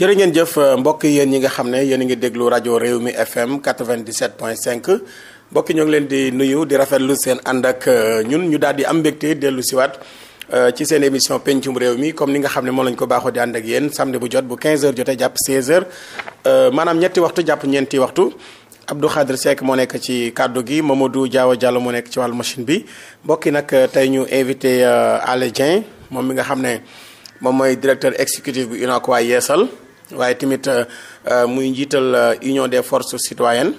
jërë ngeen jëf mbokk yéen ñi nga xam ne yéen a ngi déglu rajo réew mi FM 97.5 mbokk ñoo ngi leen di nuyu di rafetlu seen ànd ak euh, ñun ñu daal di am mbégte dellu siwaat euh, ci seen émission pencum réew mi comme ni nga xam ne moom lañ ko baaxoo di ànd ak bu jot bu 15h jotee jàpp 16h euh, maanaam ñetti waxtu jàpp ñeenti waxtu. Abdou Khadre Seck moo nekk ci kàddu gi Mamadou Diawa Diallo moo nekk ci wàllu bi mbokk yi nag tey ñu invité Alé Dieng moom mi nga xam ne moom mooy directeur exécutif bu UNACOIS Yeesal. waaye tamit euh, euh, muy njiital euh, union des forces citoyennes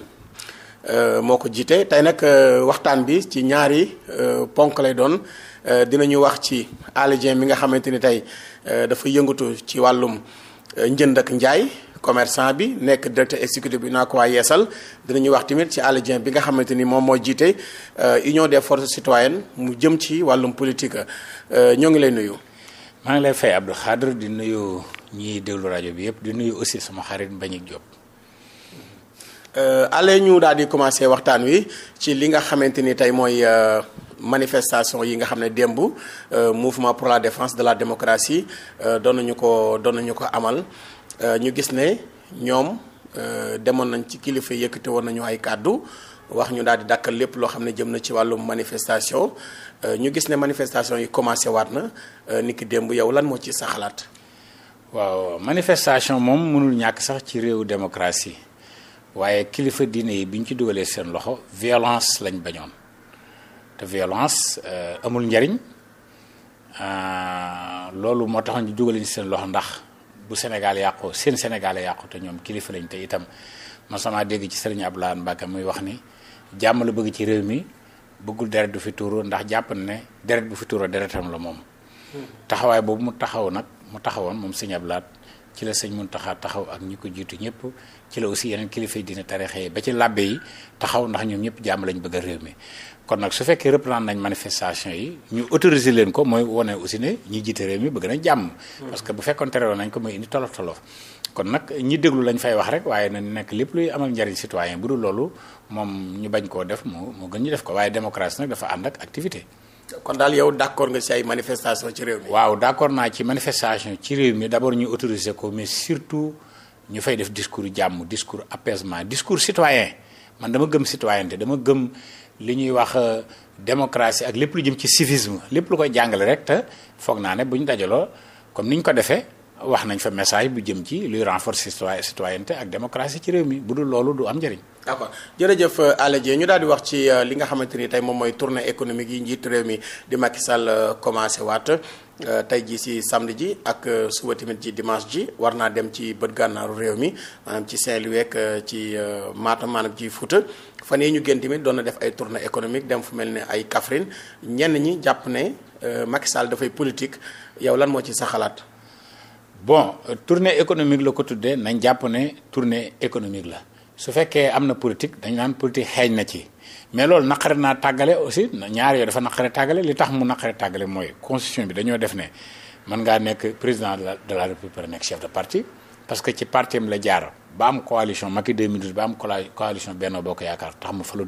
moo ko jiite tey nag waxtaan bi ci ñaari ponk lay doon dina ñu wax ci Aly bi nga xamante ni tey dafa yëngatu ci wàllum njënd ak njaay commerçant bi nekk directeur exécutif bi naa ko waa yeesal wax tamit ci Aly Dieng bi nga xamante ni moom moo jiite union des forces citoyennes mu jëm ci wàllum politique ñoo ngi lay nuyu. maa ngi lay fay Abdou Khadre di nuyu ñiy déglu rajo bi yëpp di nuyu aussi sama xarit Mbagnick Diop. Euh, ale ñu daal di commencé waxtaan wi ci li nga xamante ni tey mooy euh, manifestation yi nga xam ne démb euh, mouvement pour la défense de la démocratie doon nañu ko doon nañu ko amal ñu gis ne ñoom demoon nañ ci kilifa yëkkate woon nañu ay kàddu wax ñu daal di dàkkal lépp loo xam ne jëm na ci wàllum manifestation Euh, ñu gis ne manifestation yi commencé waat na euh, ni ki démb yow lan moo ci sa xalaat. waaw manifestation moom mënul ñàkk sax ci réewu démocratie waaye kilifa diine yi bi ñu ci dugalee seen loxo violence lañ bañoon te violence euh, amul njariñ loolu moo tax ñu dugalee seen loxo ndax bu Sénégal yàqu seen Sénégal yàqu te ñoom kilifa lañ te itam ma dégg ci Serigne Abdoulaye Mbacke muy wax ni jàmm la bëgg ci réew mi. bëggul deret du fi tuuru ndax jàpp ne deret bu fi tuuru deretam la moom. taxawaay boobu mu taxaw nag mu taxawoon moom sëñ Ablaat ci la sëñ Muntaxa taxaw ak ñi ko jiitu ñëpp ci la aussi yeneen kilifa dina tarixe yi ba ci làbbe yi taxaw ndax ñoom ñëpp jàmm lañ bëgg a réew mi kon nag su fekkee reprendre nañ manifestation yi ñu autoriser leen ko mooy wane aussi ne ñi jiite réew mi bëgg nañ jàmm. Hmm. parce que bu fekkoon terewoon nañ ko mooy indi tolof tolof. kon nag ñi déglu lañ fay wax rek waaye na nekk lépp luy amal njariñ citoyen bu dul loolu moom ñu bañ koo def moo moo gën ñu def ko waaye démocratie nag dafa ànd ak activité. kon daal yow d' accord nga ci ay manifestation ci réew mi. waaw d' naa ci manifestation ci réew mi d' ñu autoriser ko mais surtout ñu fay def discours jàmm discours apaisement discours citoyen man dama gëm citoyenneté dama gëm li ñuy wax euh, démocratie ak lépp lu jëm ci civisme lépp lu koy jàngale rek te foog naa ne bu ñu dajaloo comme ni ñu ko defee. wax nañ fa message bu jëm ci luy renforcer citoyenneté ak démocratie ci réew mi bu dul loolu du am njëriñ. d'accord jërëjëf euh, Alla Dieng ñu daal di wax ci euh, li nga xamante ni tey moom mooy tournée économique yi njiit réew mi di Macky Sall euh, commencé waat tey jii si samedi ji ak suba tamit ci dimanche ji war naa dem ci bët gànnaaru réew mi maanaam ci Saint-Louis ak ci Matam maanaam ci Fouta fan yii ñu gën tamit doon na def ay tournée économique dem fu mel ne ay Kaffrine ñenn ñi jàpp ne Macky Sall dafay politique yow lan moo ci sa xalaat. bon tournée économique la ko tuddee nañ jàpp ne tournée économique la su fekkee am na politique dañ naan politique xeeñ na ci mais loolu naqare naa tàggale aussi ñaar yooyu dafa naqare tàggale li tax mu naqare tàggale mooy constitution bi dañoo def ne mën ngaa nekk président de la de la république nekk chef de parti parce que ci parti am la jaaro ba am coalition Macky 2012 ba am coalition Benno Bokk Yaakaar tax mu falu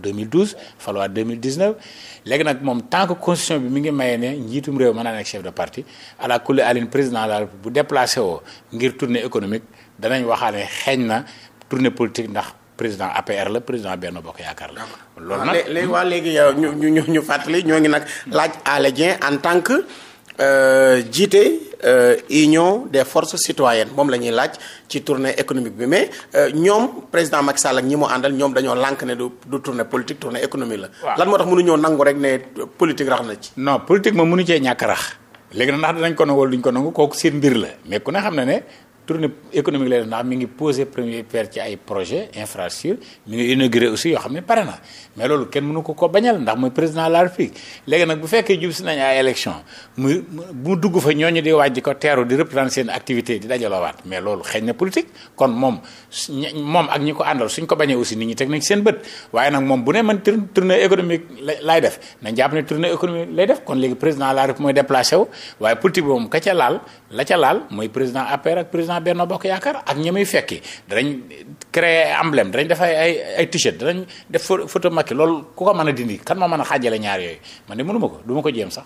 faluwaat 2019 nag moom tant que constitution bi mi ngi maye ne njiitum réew mën naa chef de parti ala kulli alin président la bu déplacé woo ngir tournée économique danañ waxaane xeeñ na tournée politique ndax président APR la président Benno Bokk Yaakaar la. loolu nag léegi waa léegi yow ñu ñu fàttali ñoo ngi nag laaj Alé en tant que. Euh, jiite euh, union des forces citoyennes moom la ñuy laaj ci tournée économique bi mais euh, ñoom président Macky Sall ak ñi mu àndal ñoom dañoo lànk ne du du tournée politique tournée la. lan moo tax mënuñoo nangu rek ne politique rax na ci. non politique moom mënu cee ñàkk rax. léegi nag ndax dinañ ko nangu duñ ko nangu kooku seen mbir la mais ku ne xam na ne tournée économique lay def ndax mi ngi posé première pierre ci ay projet infrastructure mi ngi inauguré aussi yoo xam ne pare na mais loolu kenn mënu ko ko bañal ndax mooy président de la république léegi nag bu fekkee jub si nañ ay élection mu mu dugg fa ñooñu di waaj di ko teeru di reprendre seen activité di dajalawaat mais loolu xëy na politique kon moom moom ak ñi ko àndal suñ ko bañee aussi nit ñi teg nañ seen bët waaye nag moom bu ne man tournée économique lay def nañ jàpp ne tournée économique lay def kon léegi président la république mooy déplacé wu waaye politique boobu ko ca laal la ca laal mooy président APR ak président président Benno Bokk Yaakaar ak ñi muy fekki danañ créer emblème danañ def ay ay ay t-shirt danañ def photo Macky loolu ku ko mën a dindi kan ma mën a xaajale ñaar yooyu man de mënu ma ko duma ko jéem sax.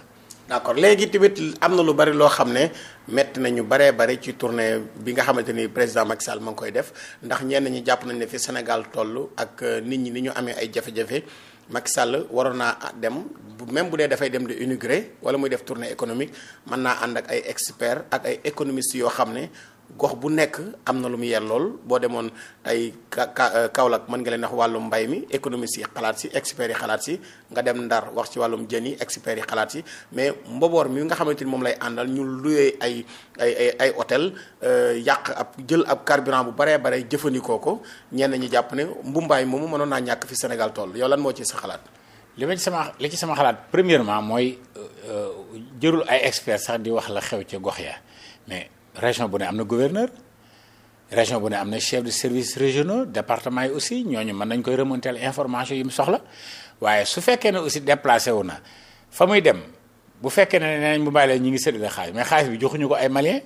d'accord léegi tamit am na lu bari loo xam ne métti nañu baree bari ci tournée bi nga xamante ni président Macky Sall ma ngi koy def ndax ñenn ñi jàpp nañ ne fi Sénégal toll ak euh, nit ñi ni ñu amee ay jafe-jafe Macky waroon naa dem même bu dee dafay dem di inauguré wala muy def tournée économique mën naa ànd ak ay experts ak ay économistes yoo xam ne. gox bu nekk am na lu mu yellool boo demoon ay ka euh, Kaolack mën nga leen wax wàllu mbay mi économiste yi si experts xalaat si nga dem Ndar wax ci wàllum jën yi experts yi xalaat si mais mboboor mi nga xamante ni moom lay àndal ñu luyee ay ay ay ay hôtel euh, yàq ab jël ab carburant bu bare bare jëfandikoo ko ñenn ñi jàpp ne mbumbaay moomu mënoon naa ñàkk fi Sénégal tool yow lan moo ci sa xalaat. li ma ci sama li ci sama xalaat premièrement mooy euh, jërul ay experts sax di wax la xew ci gox ya mais. région bu ne am na gouverneur région bu ne am na chef de service régionaux département yi aussi ñooñu mën nañ koy remonter information yi mu soxla waaye su fekkee ne aussi déplacé wu na fa muy dem bu fekkee ne nee nañ mu bàyyi leen ñu ngi séddale xaalis mais xaalis bi joxuñu ko ay malien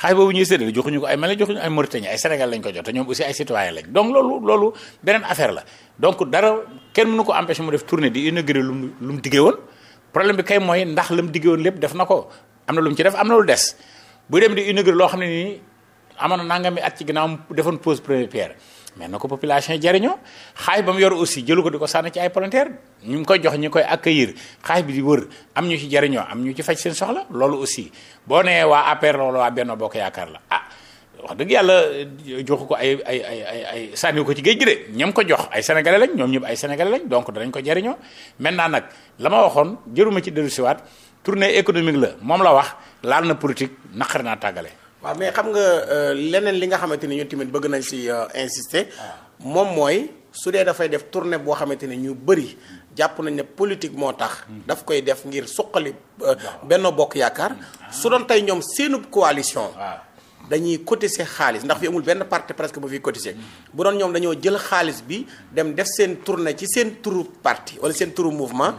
xaalis boobu ñuy séddale joxuñu ko ay malien joxuñu ay mauritanien ay sénégal lañ ko jot te ñoom aussi ay citoyen lañ donc loolu loolu beneen affaire la donc dara kenn mënu ko mu def tournée di inauguré lu mu lu mu diggee woon problème bi kay mooy ndax lu mu diggee woon lépp def na ko am na lu mu ci def am na lu des bu dem di inauguré loo xam ne nii amoon na nangami at ci ginnaaw defoon pose première pierre mais na ko population yi jariñoo xaalis ba mu yor aussi jëlu ko di ko sànni ci ay palanteer ñu ngi koy jox ñu koy accueillir xaalis bi di wër am ñu ci jariñoo am ñu ci faj seen soxla loolu aussi boo nee waa APR la waa Benno Bokk Yaakaar ah, wax dëgg yàlla joxu ko ay ay ay ay ay ko ci géej ñam ko jox ay sénégalais lañ ñoom ñëpp ay sénégalais lañ donc danañ ko jariñoo maintenant nag la ma waxoon jëruma ci dellusiwaat tournée économique la moom la wax laal na politique naqar naa tàggale. waaw mais xam nga euh, leneen li nga xamante ni ñun tamit bëgg nañ si euh, insister. moom mooy su dee dafay def tournée boo xamante ni ñu bëri jàpp nañ ne politique moo tax. daf koy def ngir suqali euh, benn Bokk Yaakaar. su doon tey ñoom seenub coalition. dañuy cotiser xaalis ndax fi amul benn parti presque bu fi cotiser bu doon ñoom dañoo jël xaalis bi dem def seen tournée ci seen turu parti wala seen turu mouvement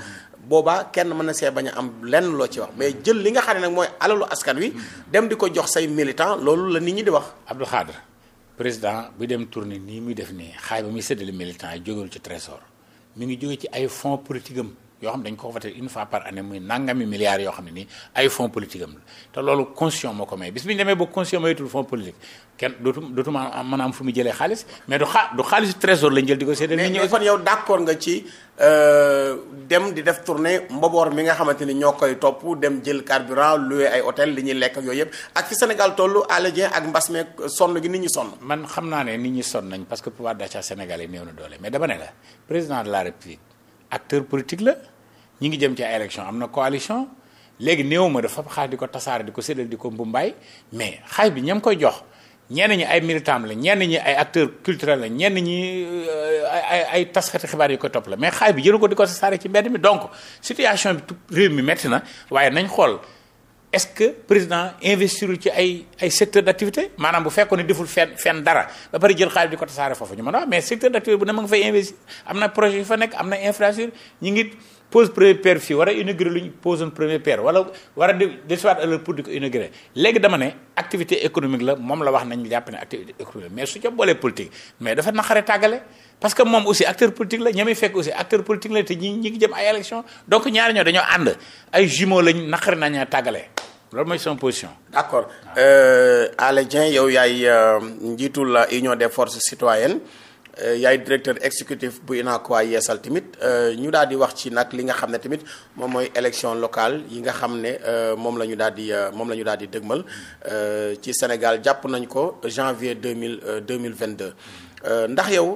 boobaa kenn mën na see bañ a am lenn loo ci wax mais jël li nga xam ne nag mooy alalu askan wi dem di ko jox say militant loolu la nit ñi di wax Abdou Khadre président bi dem tournée nii muy def nii xaay ba muy séddale militant yi jógewul ci trésor mu ngi jóge ci ay fonds politique am yoo xam dañ ko voté une fois par année muy nangami milliards yoo xam ne nii ay fonds politique am la te loolu constitution moo ko may bis am fu mu jëlee xaalis mais du xa du xaalisu trésor lañ jël di ko séddale. mais mais kon yow d'accord nga ci euh, dem di mi nga xamante ni ñoo koy topp dem jël carburant loué ay li ñuy lekk yooyu yëpp ak fi Sénégal tollu ak mbas meeg sonn gi nit ñi sonn. man xam naa ne nit ñi sonn nañ parce que pouvoir d'achat sénégalais néew na doole mais dama ne la président de la république acteur politique la. ñi ngi jëm ci ay élection am na coalition léegi néew ma dafa xaaj di ko tasaare di ko séddal di ko mbumbaay mais xaaj bi ñam koy jox ñenn ñi ay militant la ñenn ñi ay acteur culturel la ñenn ñi euh, ay ay taskati xibaar yi ko topp la mais xaaj bi jëru ko di ko tasaare ci mbedd mi donc situation bi réew mi métti na waaye nañ xool est-ce que président investirul ci ay ay secteur d'activité maanaam bu fekkoon ne deful fenn fen dara ba pare jël xaalis di ko foofu ñu mais secteur d'activité bu ne ma nga fay am na projet yu fa ngi pose première pierre fii war a inauguré lu ñu pose une première pierre wala war a de soit alors pour di léegi dama ne activité économique la moom la wax nañ nañu jàpp ne activité économique mais su ca boolee politique mais dafa naqare tàggale parce que moom aussi acteur politique la ñami fekk aussi acteur politique la te ñi ñi ngi jëm ay élection donc ñaari ñoo dañoo ànd ay jumeaux lañ naqare nañu tàggale loolu mooy sama position. d'accord euh, Aly yow yaay euh, njiitul la euh, union des forces citoyennes. Euh, yaay directeur exécutif bu UNACOIS yeesal tamit euh, ñu daal di wax ci nag li nga xam ne tamit moom mooy élection locale yi nga xam ne euh, moom la ñu daal di moom la ñu daal di dëgmal ci Sénégal jàpp nañ ko janvier deux mille deux mille vingt deux ndax yow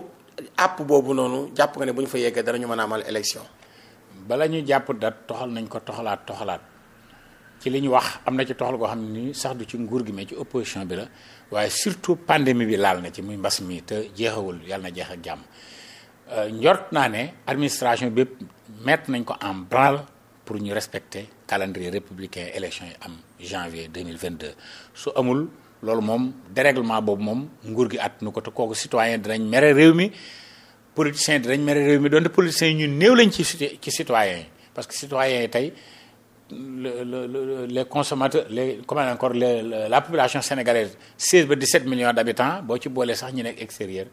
àpp boobu noonu jàpp nga ne bu ñu fa yeggee danañu mën a amal élection. bala ñu jàpp dat toxal nañ ko toxalaat toxalaat ci li ñu wax am na ci toxal goo xam ne nii sax du ci nguur gi mais ci opposition bi la. waaye surtout pandémie bi laal na ci muy mbas mi te jeexawul yàlla na jeex ak jàmm euh, njort naa ne administration bépp mettre nañ ko en branle pour ñu respecter calendrier républicain élection yi am janvier 2022 su amul loolu moom déréglement boobu moom nguur gi at nu ko te kooku citoyen dinañ mere réew mi politiciens dinañ mere réew mi donte politiciens yi ñu néew lañ ci ci citoyens yi parce que citoyens yi tey le, le, le les consommateurs les comment encore les la population sénégalaise 16 ba 17 millions d'habitants boo ci boolee sax ñu nekk extérieur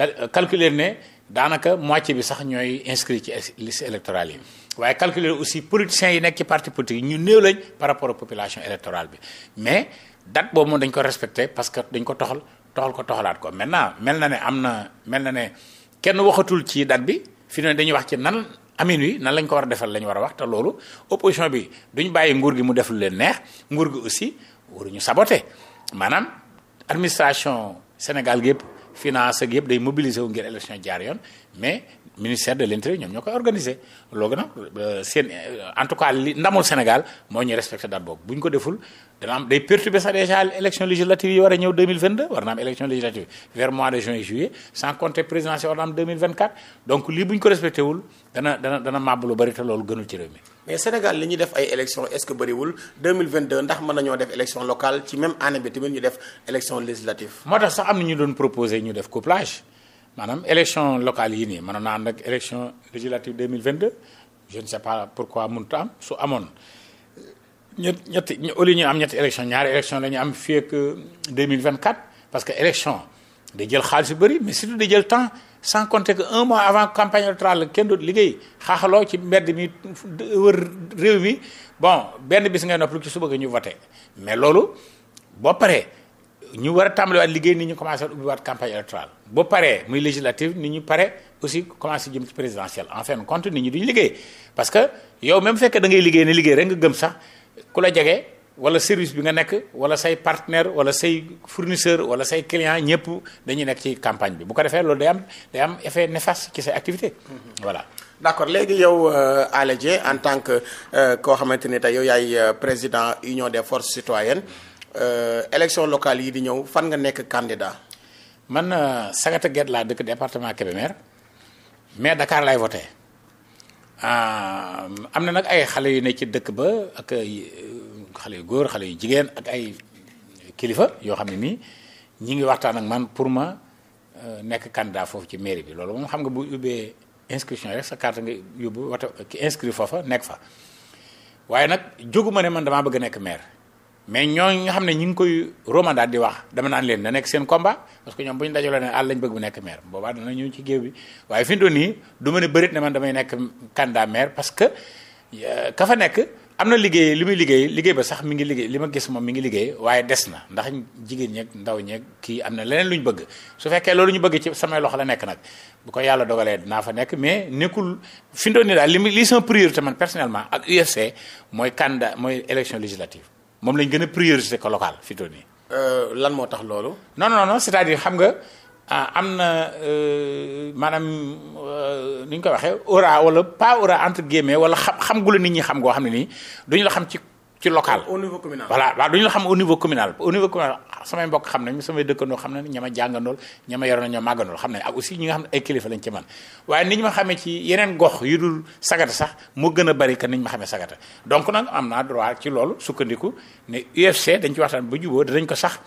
euh, calculer ne daanaka moitié bi sax ñooy inscrit ci liste électorale yi waaye calculer aussi politiciens yi nekk ci parti politique ñu néew lañ par rapport à population électorale bi mais date boobu moom dañ ko respecté parce que dañ ko toxal toxal ko toxalaat ko maintenant mel na ne am na mel na ne kenn waxatul ci date bi fi ne dañuy wax ci nan amin wi nan lañ ko war a defal lañ war a wax loolu opposition bi duñ bàyyi nguur gi mu def lu leen neex nguur gi aussi ñu sabote maanaam administration Sénégal gi yëpp finance ak yëpp day mobiliser wu ngir élection jaar yoon mais ministère de l'intérieur ñoom ñoo koy organisé loolu nag euh, seen euh, en tout cas li ñu respecté date boobu bu ñu ko deful dana am day perturber sax déjà élection législative yi war a ñëw 2022 war na am élection législative na am 2024 donc ñu ko respecté wul dana dana dana màbb lu bëri te loolu gënul ci réew mi. mais Sénégal li ñuy def ay élection ndax mën nañoo def élection locale ci même année bi tamit ñu def élection législative. moo tax sax am na ñu doon proposé ñu def couplage. maanaam élection locale yi nii mënoon naa ànd ak élection législative 2022 je ne sais pas pourquoi mënut am su amoon ñett ñetti au ñu am ñetti élection ñaari élection la ñu am fii ak 2024 euh, parce que élection day jël xaalis yu bëri mais surtout day jël temps sans compter que un mois avant campagne électorale kenn dootu liggéey xaaxaloo ci mbedd mi wër réew mi bon benn bis ngay noppal ci suba nga ñu vote mais loolu boo paree. ñu war a tàmbaliwaat liggéey ni ñu commencé waat ubbiwaat campagne électorale ba paree muy législative ni ñu pare aussi commencé jëm ci présidentielle en fin de compte nit ñi duñ liggéey parce que yow même fekkee da ngay liggéey ne liggéey rek nga gëm sax ku la jege wala service bi nga nekk wala say partenaire wala say fournisseur wala say client ñëpp dañuy nekk ci campagne bi bu ko defee loolu day am day am effet néfaste ci say activité mm-hmm. voilà d'accord léegi yow euh, Alé Dieng en tant que euh, koo xamante ni tey yow yaay euh, président union des forces citoyennes Euh, élection locale yi di ñëw fan nga nekk candidat. man na euh, Sagata Guède laa dëkk département Kébémer mais Dakar lay voté euh, am na nag ay xale yu ne ci dëkk ba ak xale yu góor xale yu jigéen ak ay kilifa yoo xam ne nii ñi ngi waxtaan ak man pour ma nekk candidat foofu ci mairie bi loolu moom xam nga bu ubbee inscription rek sa carte nga yóbbu wata ki inscrit foofa nekk fa waaye nag jógu ma ne man damaa bëgg a nekk maire. mais ñooñu nga xam ne ñu ngi koy romandaat di wax dama naan leen na nekk seen combat parce que ñoom bu ñu dajaloo ne àll lañ bëgg bu nekk maire boobaa dana ñëw ci géew bi waaye fi mu nii du ma ne bërit ne man damay nekk candidat maire parce que euh, ka fa nekk am na liggéey li muy liggéey liggéey ba sax mi ngi liggéey li ma gis moom mi ngi liggéey waaye des na ndax jigéen ñeeg ndaw ñeek ki am na leneen lu ñu bëgg su fekkee loolu ñu bëgg ci samay loxo la nekk nag bu ko yàlla dogalee dinaa fa nekk mais nekkul fi mu doon nii daal li li sama priorité man ak UFC mooy candidat mooy élection législative moom lañ gën a priorité ko local fi mu euh, lan moo tax loolu. non non c'est-à-dire xam nga ah, am na euh, maanaam euh, ni ñu ko waxee ora wala pas aura entre guillemets wala xam xam gu la nit ñi xam goo xam ne nii ñu la xam ci ci local. au niveau communal voilà la xam au communal Ah, samay mbokk xam nañ samay dëkkandoo xam nañ ña ma jàngandool ña ma yoroon ñoo màggandool xam nañ ak aussi ñi nga xam ne ay kilifa lañ ci man waaye ni ma xamee ci yeneen gox yu dul sagata sax moo gën a bari que ni ñu ma xamee sagata donc nag am naa droit ci loolu sukkandiku ne UFC dañ ci waxtaan ba juboo dinañ ko sax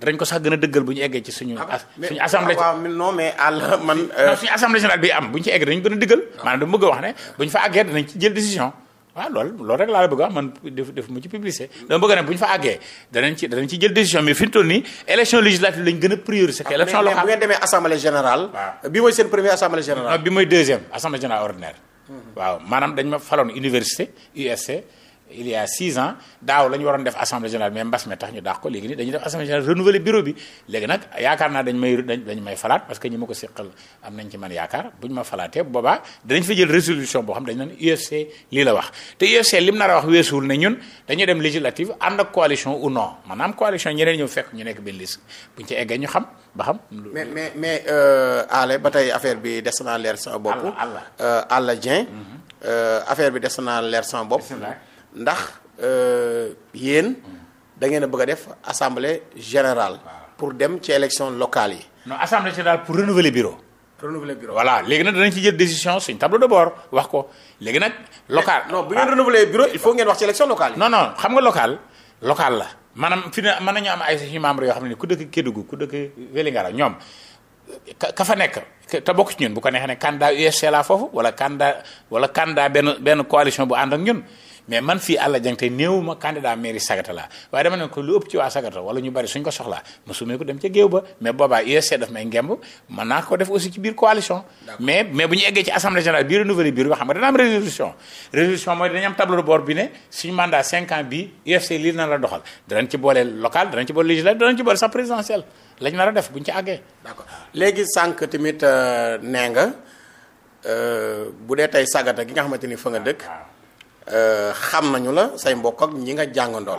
dañ ko sax gën a dëggal bu ñu eggee ci suñu. Ah, suñu assemblée ah, waaw non mais àll man. suñu assemblée bi am bu ñu ci eggee dañu gën a dëggal. maanaam dama bëgg wax ne bu ñu fa àggee danañ ci jël décision waaw ah, lool loolu rek laa la bëgg wax man def def mu ci publicité dama bëgg ne bu ñu fa àggee danañ ci danañ ci jël décision mais fi ñu toll nii élection législative lañ gën a prioriser que élection locale bu ngeen demee assemblée générale waaw bi mooy seen premier assemblée générale bi mooy deuxième assemblée générale ordinaire mhm. waaw maanaam dañ ma faloon université USC il y a six ans daaw la ñu waroon def assemblée générale mais mbas mi tax ñu daax ko léegi nii dañuy def assemblée générale renouveler bureau bi léegi nag yaakaar naa dañ may falaat parce que ñi ma ko seqal am nañ ci man yaakaar bu ñu ma falaatee boobaa dinañ fa jël résolution boo xam dañ naan UFC lii la wax te UFC lim nar a wax weesuwul ne ñun dañuy dem législative ànd ak coalition ou non maanaam coalition ñeneen ñëw fekk ñu nekk benn liste buñ ci eggee ñu xam ba xam. mais mais mais euh, Allé ba tey affaire bi des naa leer sama bopp. Alla Alla euh, Dieng. Mhm. Euh, affaire bi des naa leer sama bopp. ndax euh, yéen da ngeen a bëgg def assemblée générale. pour dem ci élection locale yi. non assemblée générale pour renouveler bureau. renouveler bureau voilà léegi nag danañ ci jël décision suñ tableau de bord wax ko léegi nag. local non bu ngeen renouveler bureau il faut ngeen wax ci élection locale yi. non non xam nga local local la maanaam fi ne mën nañu am ay suñu membres yoo xam ne ku dëkk Kédougou ku dëkk Vélingara ñoom ka fa nekk te bokk ci ñun bu ko neexee ne candidat USC la foofu wala candidat wala candidat benn benn coalition bu ànd ak ñun. mais man fii Alla Dieng tey néewuma candidat mairie Sagata la waaye dama ne ko lu ëpp ci waa Sagata wala ñu bari suñ ko soxlaa ma sumee ko dem ca géew ba mais boobaa USC daf may ngemb mën naa ko def aussi ci biir coalition mais mais bu ñu eggee ci assemblée générale bii renouvelé biir ba xam nga dana am résolution résolution mooy danañ am tableau de bi ne suñu mandat 5 ans bi UFC lii na la doxal danañ ci boolee local danañ ci boole législative danañ ci boole sax présidentiel lañ nar a def buñ ci àggee d'accord léegi sànq tamit euh, nee nga euh, bu dee tey sagata gi nga xamante ni fa nga dëkk Euh, xam nañu la say mbokk ak ñi nga jàngandool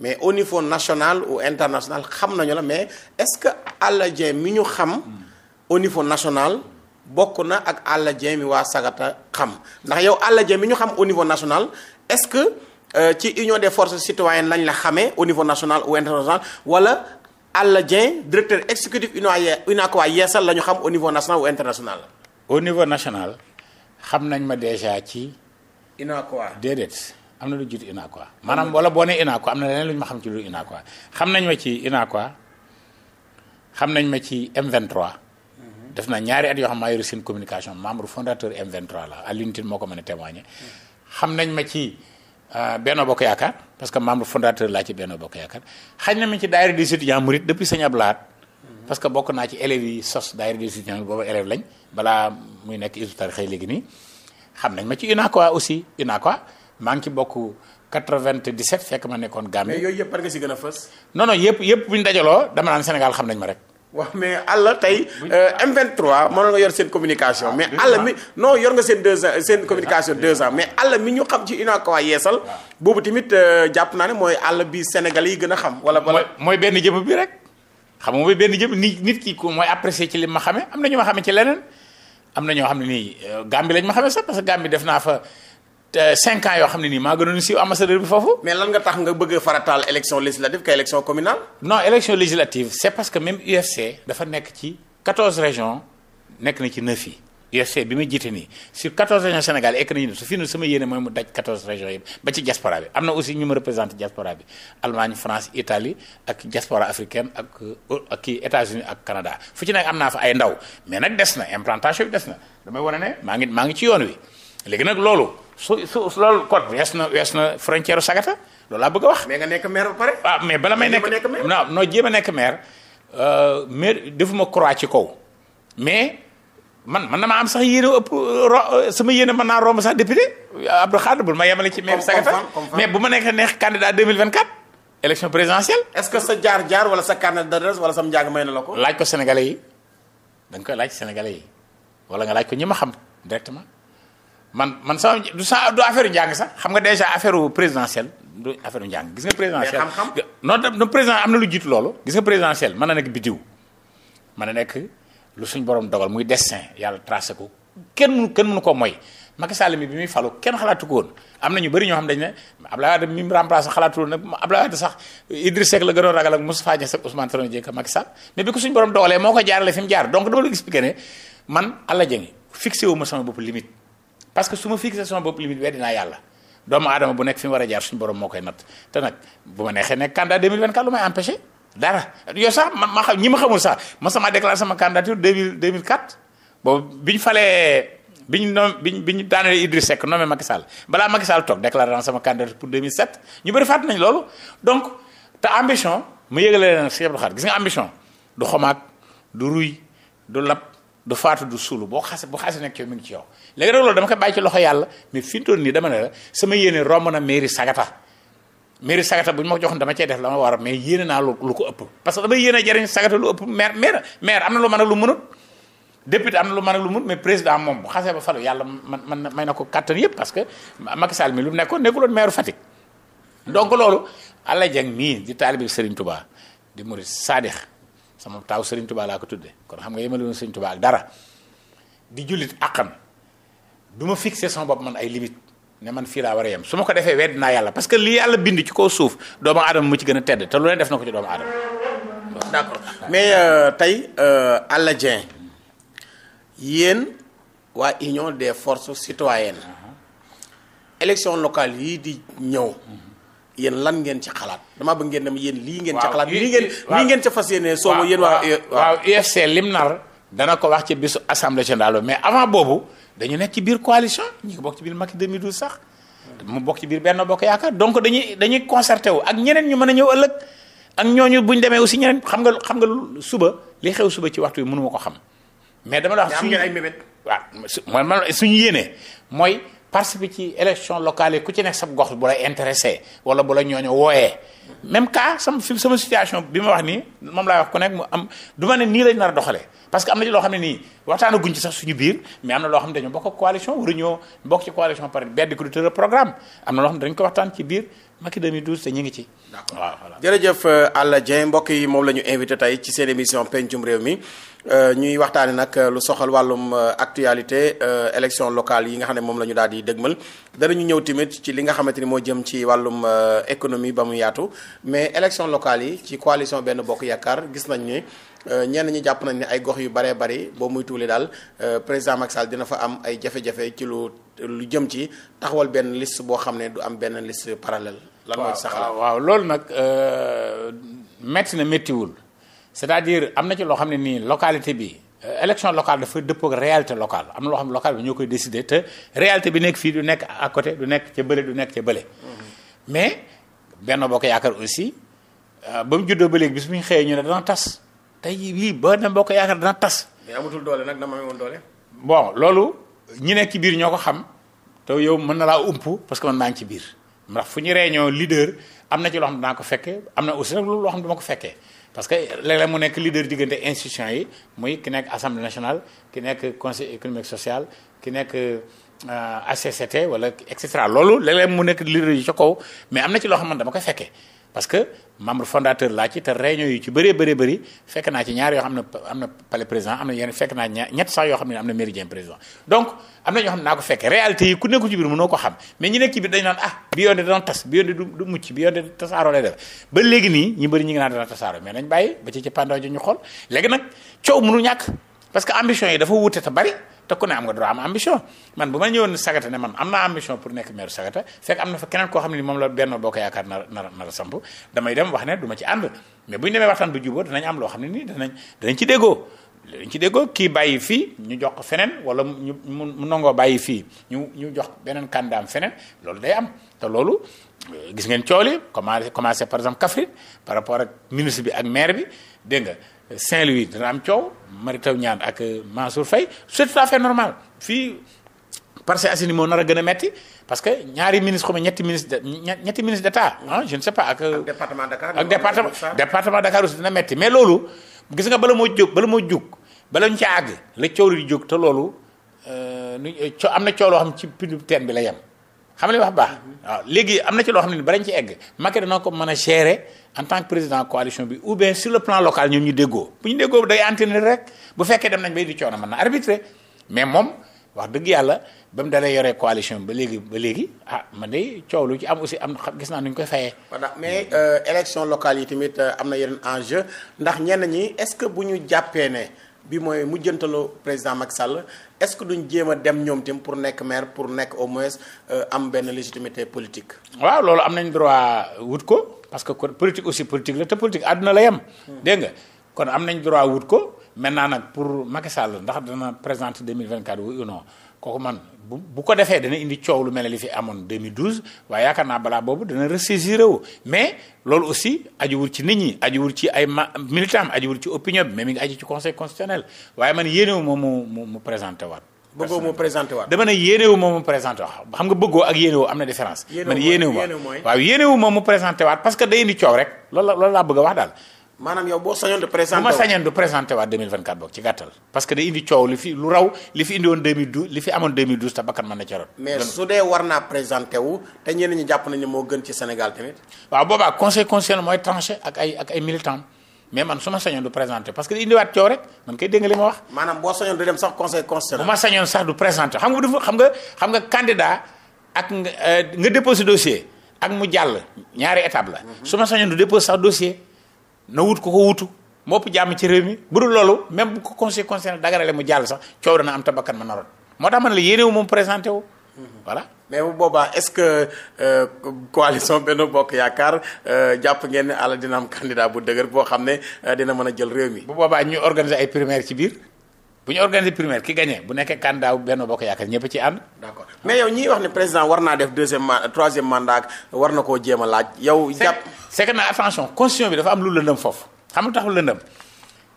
mais au niveau national ou international xam nañu la mais est-ce que Alla Dieng mi ñu xam au niveau national bokk na ak Alla Dieng mi waa Sagata xam ndax yow Alla mi ñu xam au niveau national est-ce que euh, ci union des force citoyennes lañ la xamee au niveau national ou international wala Alla Dieng directeur exécutif waa e, Yeesal la ñu xam au niveau national international. au niveau national xam nañ ma déjà ci. UNACOIS déedéet am na lu jiitu UNACOIS maanaam wala boo nee UNACOIS am na leneen lu ñu ma xam ci lu UNACOIS xam nañ ma ci UNACOIS xam nañ ma ci m def na ñaari at yoo xam maa yore seen communication membre fondateur M23 la Alioune Tine moo ko mën a témoigner xam nañ ma ci euh, benn Bokk Yaakaar parce que membre fondateur laa ci benn Bokk Yaakaar xañ na ma ci daayira des étudiants Mouride depuis Sëñ Abdou Lahad parce que bokk naa ci élèves yi sos daayira des étudiants booba élève lañ balaa muy nekk isu tarixee léegi nii xam nañ ma ci UNACOIS aussi UNACOIS maa ngi ci bokk 97 fekk ma nekkoon Gambie. yooyu yëpp par nga si gën a fës. non non yëpp yëpp bu ñu dajaloo dama naan Sénégal xam nañ ma rek. waaw mais àll tey euh, M23 mënoon nga yor seen communication. Ah, mais àll mi yor nga seen deux seen communication ah, deux ans mais àll mi ñu xam ci UNACOIS yeesal. Ah. boobu tamit euh, jàpp naa ne mooy àll bi Sénégal yi gën a xam. wala wala mooy benn jëmm bi rek. xam nga mooy benn jëmm nit ki ko mooy apprécier ci li ma xamee am na ñu ma xamee ci leneen. am na ñoo xam ne nii euh, Gambie lañ ma xamee sax parce que Gambie def naa fa cinq ans yoo xam ne nii maa gënoon si ambassadeur bi foofu. mais lan nga tax nga bëgg a farataal élection législative kay élection communale. non élection législative c'est parce que même UFC dafa nekk ci quatorze régions nekk na ci neuf yi. UFC bi muy jiite nii sur 14 régions Sénégal ek nañu ne su fi ne sama yéene mooy mu daj 14 régions yëpp ba ci diaspora bi am na aussi ñu ma représenté diaspora bi Allemagne France Italie ak diaspora africaine ak ak États-Unis ak Canada fu ci nekk am naa fa ay ndaw mais nag des na implantation bi des na damay wane ne maa ngi maa ngi ci yoon wi léegi nag loolu su su loolu code wees na wees na frontière sagata loolu laa bëgg a wax. mais nga nekk maire ba pare. waaw ah, mais bala may nekk non non jéem a nekk maire euh, maire defuma croix ci kaw man man na damaa am sax yéene ëpp sama yéene mën naa romb sax député Abdou Khadre bul ma yemale ci maire Sagatta mais bu ma nekk neex candidat 2024 élection présidentielle est-ce que sa jaar jaar wala sa carnet d'adresse wala sam njàng may na la ko laaj ko sénégalais yi da koy laaj sénégalais yi wala nga laaj ko ñi ma xam directement man man sama du sa du affaire njàng sax xam nga déjà affaire présidentielle du affaire njàng gis nga présidentielle non non président am na lu jiitu loolu gis nga présidentielle mën na nekk bidiw mën na nekk lu suñ borom dogal muy destin yàlla tracé ko kenn mënu kenn mënu ko mooy Macky mi bi muy falu kenn xalaatu ko woon am na ñu bëri ñoo xam dañ ne Abdoulaye Wade mi mu remplacé xalaatu woon nag Abdoulaye Wade sax Idriss Seck la gënoon ragal ak Moustapha Niasse mais bi ko suñ borom dogalee moo ko jaarale fi jaar donc dama la expliqué ne man Alla Dieng fixé sama bopp limite parce que su ma fixé sama bopp limite weddi naa yàlla doomu aadama bu nekk fi war a jaar suñu borom moo koy n te dara yow sax man ma xam ñi ma xamul sax ma sama déclaré sama candidature 2000 2004 boobu bi ñu falee bi ñu noom bi ñu bi ñu daanee Idriss Seck nommé Macky Sall balaa Macky Sall toog déclaré naa sama candidature pour 2007 ñu bëri fàtt nañ loolu donc te ambition mu yëgalee leen Cheikh Abdou Khadre gis nga ambition du xomaag du ruy du lab du faatu du suulu boo xase bu xase nekk ci mi ngi ci yow léegi loxo yàlla mais fi nii dama ne la sama yéene romb na mairie Sagata. mairie sagata ma ko dama cey def la ma war a mais yéene naa lu ko ëpp parce que damay yéene jariñ sagata lu ëpp maire maire maire am na lu mën ak lu mënut député am na lu mën ak lu mënut mais président moom bu xasee ba falu yàlla man man may na ko kàttan yëpp parce que Macky Sall mi lu mu nekkoon nekkuloon maire Fatick donc loolu Alla Dieng mii di taalibi Serigne Touba di murid saadix sama taaw Serigne Touba laa ko tuddee kon xam nga yemale woon Serigne Touba ak dara di jullit àqan du ma fixé sama bopp man ay limite ne man fii laa war a yem su ma ko defee wedd naa yàlla parce que li yàlla bind ci kaw suuf doomu aadama mu ci gën a tedd te lu ne def na ko ci doomu aadama. Euh, tey euh, Alla Dieng yéen waa des forces citoyennes. locale yii di ñëw. yéen lan ngeen ci xalaat dama bëgg ngeen dem yéen lii ngeen. ci xalaat lii ngeen lii ngeen ca fas yéene. soo yéen waa waaw UFC lim nar. dana ko wax ci bisu assemblée générale mais avant boobu. dañu nekk ci biir coalition ñu ngi bokk ci biir Macky du sax mu bokk ci biir Benno Bokk Yaakaar donc dañuy dañuy concerté wu ak ñeneen ñu mën a ñëw ëllëg ak ñooñu buñ demee aussi ñeneen xam nga xam nga suba li xew suba ci waxtu bi mënuma ko xam mais dama la wax suñu ay mébét waaw mooy man suñu yéenee mooy participer ci élection locale yi ku ci nekk sa gox bu la intéressé wala bu wooyee même cas sama fi sama bi ma wax nii moom laay wax ku nekk mu am du ma ne nii lañ nar a parce que am na ci loo xam ne nii waxtaana guñ ci sax suñu biir mais am na loo xam ne dañu bokk coalition waruñoo bokk ci coalition par bedd ko du tëral programme am na loo xam ne dañ ko waxtaan ci biir Macky 2012 te ñu ngi ci. d'accord waaw voilà. jërëjëf euh, Alla mbokk yi moom la ñu invité tey ci seen émission pencum réew mi. Euh, ñuy waxtaane nag euh, lu soxal wàllum euh, actualité élection locale yi nga xam ne moom la ñu daal di dëgmal danañu ñëw tamit ci li nga xamante ni moo jëm ci wàllum économie ba mu yaatu mais élection locale yi ci coalition benn bokk yaakaar gis nañ ni ñenn ñi jàpp nañ ne ay gox yu baree bari boo muy tuuli daal président Macky Sall dina fa am ay jafe-jafe ci lu lu jëm ci taxawal benn list boo xam ne du am benn list parallèle lan mooy saxal waaw loolu nag métti na méttiwul c'est-à-dire am na ci loo xam ne nii localité bi euh, élection locale dafa dëppoo ak réalité locale am na loo xam ne locale bi ñoo koy décider te réalité bi nekk fii du nekk à côté du nekk ca bële du nekk ca bële. Mm-hmm. mais benn Bokk Yaakaar aussi euh, ba mu juddoo ba léegi bis ñu xëyee ñu ne dana tas tey yii Benno Bokk Yaakaar dana tas. mais amatul doole nag dama woon doole. bon loolu ñu nekk ci biir ñoo ko xam te yow mën na laa ump parce que man maa ngi ci biir ndax fu ñu réunion leader am na ci loo xam ne ko fekkee am na aussi nag loolu loo xam ne dama ko fekkee. parce que léeg mu nekk leader diggante institution yi muy ki nekk assemblée nationale ki nekk conseil économique sociale ki nekk HCCT euh, wala et cetera loolu léeg mu nekk leader yi ca kaw mais am na ci loo xam ne dama koy fekkee parce que membre fondateur laa ci te réunion yu ci bëree bëree bëri fekk naa ci ñaar yoo xam ne am na palais président am na ñett sax yoo xam ne am na méridien président donc am na xam naa ko fekkee réalité yi ku nekku ci biir mënoo ko xam mais ñi nekk ci biir dañu naan ah bi yoon de dana tas bi yoon de du mucc bi yoon de tasaaroo lay def ba léegi nii ñu bëri ñi ngi naan dana tasaaroo mais nañ bàyyi ba ci ci pandaw ji ñu xool léegi nag coow mënu ñàkk que ambition yi dafa wute te ko ne am nga droit am ambition man bu ma ñëwoon sagata ne man am naa ambition pour nekk maire sagata fekk am na fa keneen koo xam ne moom la benn boo a samp dem wax ne du ma ci ànd mais bu ñu demee waxtaan bu jubóo danañ am loo xam ne nii danañ danañ ci déggoo dañ ci déggoo kii bàyyi fii ñu jox ko feneen wala ñu mu nangoo bàyyi fii ñu ñu jox beneen kandidaam feneen loolu day am te loolu euh, gis ngeen cool yi commencé commencé par exemple Kaffrine par rapport ak ministre bi ak maire bi dégg nga Saint-Louis dana am coow Mary Teuw Niane ak Mansour Faye c'est tout à fait normal fii Parcelles Assainies moo nar a gën a metti parce que ñaari ministre xaw ma ñetti ministre ñetti ministre d'état ah je ne sais pas ak. ak département Dakar ak dina metti mais loolu gis nga bala moo jóg bala moo jóg bala ñu ca àgg la coow li di jóg te loolu euh, nu am na coow loo xam ci pindu teen bi la yem. xam nga li wax baax waaw léegi am na ci loo xam ne barañ ci egg Macky dana ko mën a gérer en tant que président coalition bi ou bien sur le plan local ñoom ñu déggoo bu ñu déggoo day entendre rek bu fekkee dem nañ bay di coono mën na arbitrer mais moom wax dëgg yàlla ba mu dalee yoree coalition ba léegi ba léegi ah man de coow lu ci am aussi am gis naa nu ñu koy fayee. voilà mais euh, élection locale yi tamit euh, am na yeneen enjeu ndax ñenn ñi est-ce que bu ñu jàppee ne. bi mooy mujjantaloo président Macky Sall est-ce que duñ jéem a dem ñoom tam pour nekk maire pour nekk au moins euh, am benn légitimité politique. waaw loolu am nañ droit wut ko parce que politique aussi politique la te politique àdduna la yem. dégg nga kon am nañ droit wut ko maintenant nag pour Macky Sall ndax dana présenter 2024 ou non. kooku man bu bu ko defee dana indi coow lu mel ne li fi amoon 2012 waaye yaakaar naa balaa boobu dana ressaisir mais loolu aussi ajuwul ci nit ñi ajuwul ci ay ma militant ajuwul ci opinion bi mais mi ngi aju ci conseil constitutionnel waaye man yéenewu moom mu mu mu présenté waat. bëggoo mu présenté dama ne yéenewu moom mu présenté waat na différence. man yéenewu ma waaw yéenewu moom mu présenté waat parce que day indi coow rek loolu laa bëgg wax daal. maanaam yow boo sañoon de présenté bu ma sañoon du présenté waat 2024 boog ci gàttal. parce que day indi coow li fi lu raw li fi indi woon 2012 li fi amoon te bakkan mën na ca mais su dee war naa présenté wu te ñenn ñi jàpp nañu moo gën ci Sénégal tamit. waaw boobaa conseil constitutionnel mooy tranché ak ay ak mais man su ma sañoon du présenté parce que day indiwaat coow rek man kay dégg nga li ma wax. maanaam boo sañoon du dem sax conseil constitutionnel. xam nga dafa xam nga nga nga euh, nga ak mu jàll ñaari étape la. Mhm. su ma sañoon du sax na wut ko ko wutu mopp jàmm ci réew mi bu du loolu même bu ko conseil conseil dagarale mu jàll sax coow dana am tabakkan ma naroon moo tax man la yéene wu moom présenté wu voilà mais bu boobaa est-ce que euh, coalition Benno Bokk Yaakaar euh, jàpp ngeen ne àlla dina am candidat bu dëgër boo xam ne euh, dina mën a jël réew mi bu boobaa ñu organise ay primaire ci biir bu ñu organiser primaire ki gagné bu nekkee candidat benn bokk yaakaar ñëpp ci ànd. d'accord mais yow ñi wax ne président war naa def deuxième mandat war na koo jéem a laaj. yow jàpp c'est que nag attention constitution bi dafa am lu lëndëm foofu xam lu tax lu lëndëm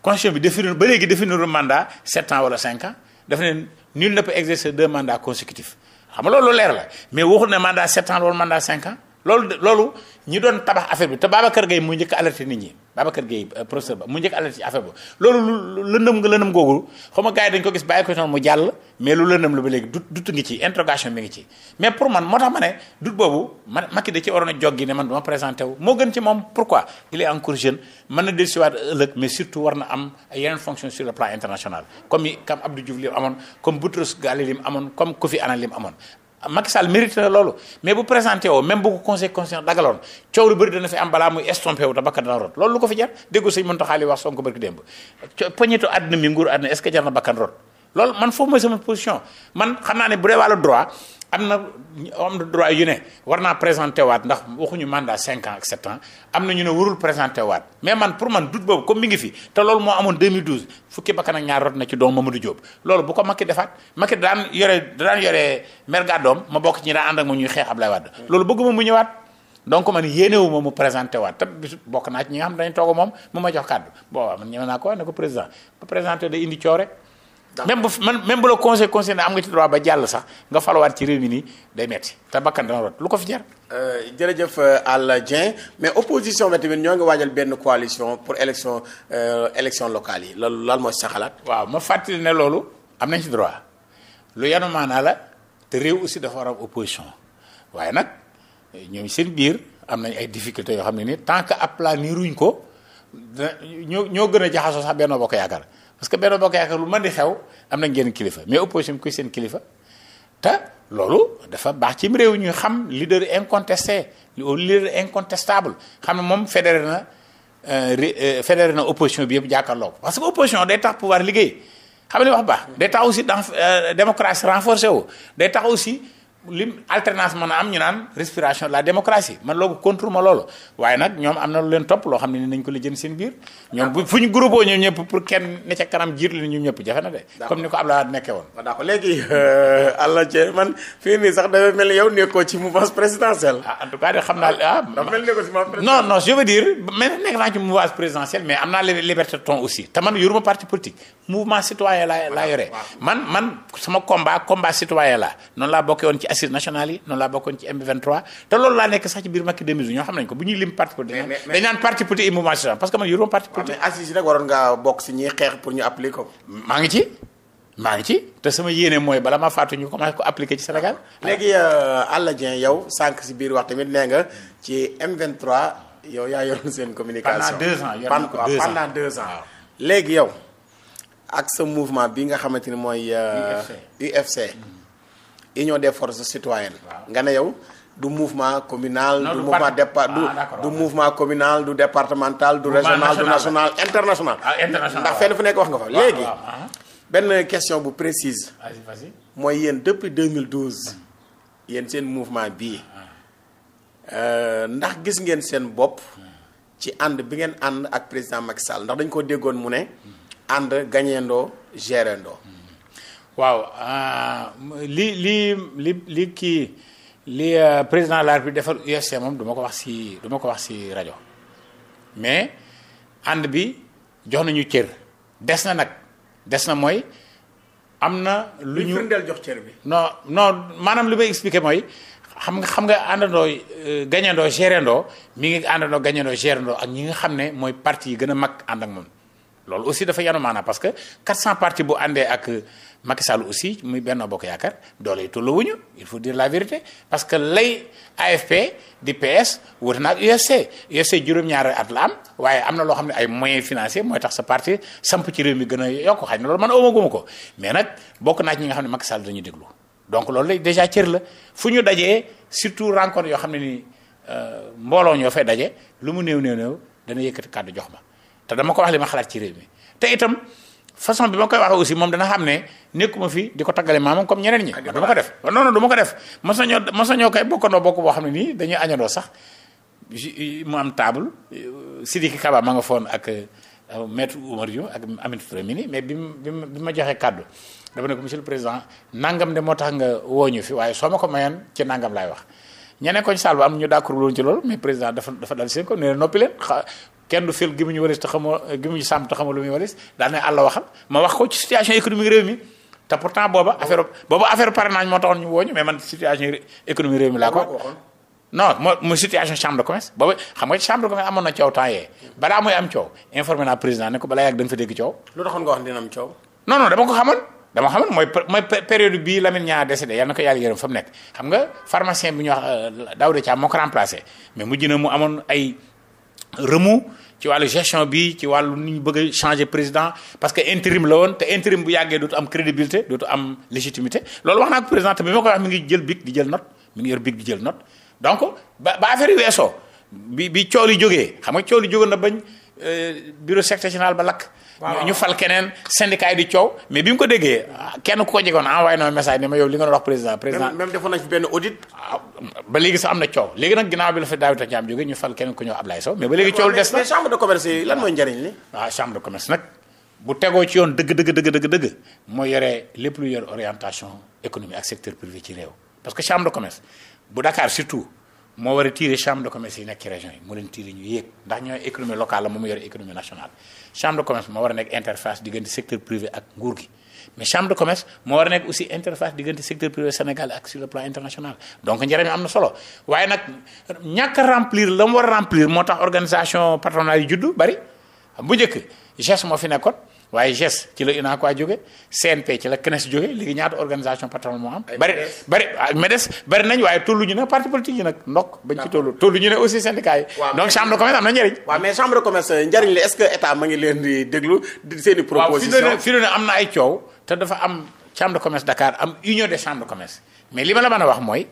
constitution bi définir ba léegi définir mandat sept ans wala cinq ans daf ne nul ne peut exercer deux mandats consécutifs xam nga loolu leer la mais waxul ne mandat sept ans wala mandat cinq ans loolu loolu ñi doon tabax affaire bi te Babacar Gueye mu njëkk alerté nit ñi Babacar Gueye euh, professeur ba mu njëkk alerté affaire bi loolu lu lëndëm nga lëndëm googu xam nga gars yi dañ ko gis bàyyi lu ba léegi dut dut ngi ci interrogation bi ngi ci mais pour man moo tax ma ne dut boobu man Macky da ci waroon a joggi ne man du ma présenté wu moo gën ci moom pourquoi il est encore jeune mën na dellusiwaat ëllëg mais surtout war na am yeneen fonction sur le plan international comme comme Abdou Diouf amoon comme Boutros Ghali li mu amoon Macky Sall mérite na loolu mais bu présenté woo même bu ko na constitutionnel dagaloon coow lu bëri dana fi am balaa muy estompé wu te bakkan dana rot loolu ko fi jar déggu sëñ Mountakha li wax Sonko barki démb poñetu àdduna mi nguur àdduna est que jar na bakkan rot loolu man foofu mooy sama position man xam naa ne bu dee wàllu droit am na am na droit yu ne war naa présenté waat ndax waxuñu mandat 5 ans ak 7 ans am na ñu ne warul présenté waat mais man pour man doute boobu comme mi ngi fi te loolu moo amoon 2012 fukki bakkan ak ñaar rot na ci doom Mamadou Diop loolu bu ko Macky defaat Macky daan yore daan yore mer gàddoom ma bokk ci ñi daan ànd ak ñuy xeex Abdoulaye Wade loolu bëgguma mu ñëwaat. donc man yéenewu ma mu waat te bokk naa ñi nga xam ne dañu toog moom mu ma jox kàddu bon man ñeme naa ko ne ko président rek même bu man même bu la conseil conseil ne am nga ci droit ba jàll sax nga falawaat ci réew mi nii day metti te bakkan dana rot lu ko fi jar. Euh, jërëjëf euh, Alla Dieng mais opposition bi tamit ñoo ngi waajal benn coalition pour élection euh, élection locale yi loolu lan mooy sa waaw ma fàttali ne loolu am nañ ci droit lu yanu maanaa la te réew aussi dafa war a am opposition waaye nag ñoom seen biir am nañ ay difficultés yoo xam ne nii tant que nii ruñ ko ñoo ñoo gën a jaxasoo sax Benno Bokk Yaakaar. parce que Benno Bokk Yaakaar lu mën di xew am na ngeen kilifa mais opposition bi kuy seen kilifa ta loolu dafa baax ci réew ñu xam leader incontesté leader incontestable xam ne moom fédéré na euh, euh, fédéré na opposition bi yëpp jàkkaarloo ko parce que opposition day tax pouvoir liggéey xam ne wax baax day tax aussi dans euh, démocratie renforcée wo day tax aussi lim alternance mën a am ñu naan respiration de la démocratie man loolu contre loolu waaye nag ñoom am na leen topp loo xam ne nañ ko la jën biir ñoom bu fu ñu groupé ñoom ñëpp pour kenn ne kanam jiit li ñu ñëpp jafe na de comme ni ko Abdoulaye Wade nekkee woon ah, d'accord léegi euh, ah, ah, je veux dire mais nekk naa ci mouvance présidentielle mais am naa liberté de aussi te man yoruma parti politique mouvement citoyen laa laa man man sama combat combat citoyen assises nationales yi noonu laa bokkoon ci MB23 te loolu laa nekk sax ci biir Macky 2012 ñoo xam nañ ko bu ñuy lim parti politique dañ naan parti politique et mouvement parce que man yi nag waroon pour ñu appliquer maa ngi ci maa ngi ci te sama yéene mooy bala ma faatu ñu commencé ko appliquer ci Sénégal léegi euh, Alla Dieng yow sànq si biir wax tamit nee nga ci M23 yow yaa yoroon seen communication pendant deux ans yoroon ko deux ans pendant deux ans léegi yow ak sa mouvement bi nga xamante ni mooy UFC euh, union des forces citoyennes. nga ne yow du mouvement communal. du mouvement départ du ah, mouvement communal du départemental du régional du national ah, international. ndax fenn fu nekk wax nga fa léegi. Uh-huh. benn question bu précise. mooy yéen depuis 2012. yéen seen mouvement bii. Uh-huh. Euh, ndax gis ngeen seen bopp. ci ànd bi ngeen ànd ak président Macky Sall ndax dañ ko déggoon mu ne. Hmm. ànd gañeendoo géreendoo waaw ah, li lii li lii kii li euh, président la République defar UFC moom du ko wax si du ko wax si rajo mais ànd bi jox nañu cër des na nag des na mooy am na. lu ñu firndeel jox cër bi. non non maanaam lu may expliquer mooy xam nga xam nga àndandoo euh, gañandoo gérandoo mi ngi àndandoo gañandoo gérandoo ak ñi nga xam ne mooy partie yi gën a mag ànd ak moom. loolu aussi dafa yanu maanaam parce que cent partis bu àndee ak Macky aussi muy Benno Bokk Yaakaar doole yi tolluwuñu il faut dire la vérité parce que lay AFP di PS wute na ak USC USC juróom-ñaari at la am waaye am na loo xam ne ay moyens financiers mooy tax sa parti samp ci réew mi gën a yokk xaj na loolu man amaguma ko mais nag bokk naa ci ñi nga xam ne Macky Sall dañu déglu donc loolu lay déjà cër la fu ñu dajee surtout rencontre yoo xam ne ni euh, mbooloo ñoo fay daje lu mu néew néew néew dana yëkkati kàddu jox ma. te dama ko wax li ma xalaat ci réew mi te itam façon bi ma koy waxee aussi moom dana xam ne nekkuma fi di ko taggale maamam comme ñeneen ñi ah, dama ko def non non ko def ma sañoo ma sañoo koy bokkandoo bokk boo xam ne nii dañuy añandoo sax mu am table euh, Sidiki Kaba ma nga foon ak euh, maître Oumar Youm ak Aminata mais bi ma ma joxee kàddu dama ne ko monsieur le président nangam de moo tax nga wooñu fi waaye soo ma ko mayoon ci nangam laay wax ñeneen koñ saal ba am ñu d'accord loolu ci loolu mais président dafa dafa dal seen ko ne noppi leen kenn du fil gémmiñu walis te xamoo gémmiñu sàmm te xamoo muy walis daal ne àlla waxal ma wax ko ci situation économique réew mi te pourtant booba affaire booba affaire parrainage moo ñu wooñu mais man situation économique réew mi laa ko non moo situation chambre de booba xam nga chambre de commerce amoon na coow temps yee balaa muy am coow informé naa président ne ko balaa yàgg da nga dégg coow lu taxoon nga wax dina coow non non dama ko bi ñu wax euh, Daouda Thiam remous ci wàllu gestion bi ci wàllu ni ñu bëgg a changer président parce que intérim la woon te intérim bu yàggee dootu am crédibilité dootu am légitimité loolu wax naa ko président te bi ma koy wax mi ngi jël bic di jël note mi ngi yor bic di jël note donc ba ba affaire yi weesoo bi bi coow li jógee xam nga coow li jógoon na bañ. Euh, bureau secrétaire général ba lakk. ñu fal keneen syndicat yi di coow. mais bi mu ko déggee kenn ku ko jegoon ah, envoyé na message ni ma yow li nga doon wax président. président même defoon nañ fi benn audit. Ah, ba léegi sax am na coow léegi nag ginnaaw bi la fa Daouda Thiam jógee ñu fal keneen ku ñëw Ablaye Sow mais ba léegi coow lu des na mais chambre de commerce yi lan mooy njëriñ li. waaw ah, chambre de commerce nag bu tegoo ci yoon dëgg dëgg dëgg dëgg dëgg mooy yore lépp lu orientation économique ak secteur privé ci réew parce que chambre de commerce bu Dakar surtout moo war a tiire chambre de commerce yi nekk ci région yi mu leen tiire ñu yéeg ndax ñooy économie locale la moom mu yore économie nationale chambre de commerce moo war a nekk interface diggante secteur privé ak nguur gi mais chambre de commerce moo war a nekk aussi interface diggante secteur privé Sénégal ak sur le plan international donc njëriñ am na solo waaye nag ñàkk remplir la mu war a remplir moo tax organisation patronale yi juddu bari bu njëkk GES moo fi nekkoon. waaye GES ci la UNACOIS jóge CNP ci la CNES jóge léegi ñaata organisation e ah, nañ waaye tolluñu nag parti politique yi nag ndokk bañ ci tollu tolluñu ne aussi syndicat yi. donc chambre de commerce am na njëriñ. mais chambre de commerce njëriñ la est-ce que état ma ngi leen di déglu fi ne am na ay coow te dafa am chambre de commerce Dakar am union des chambres de commerce mais li ma la man a wax mooy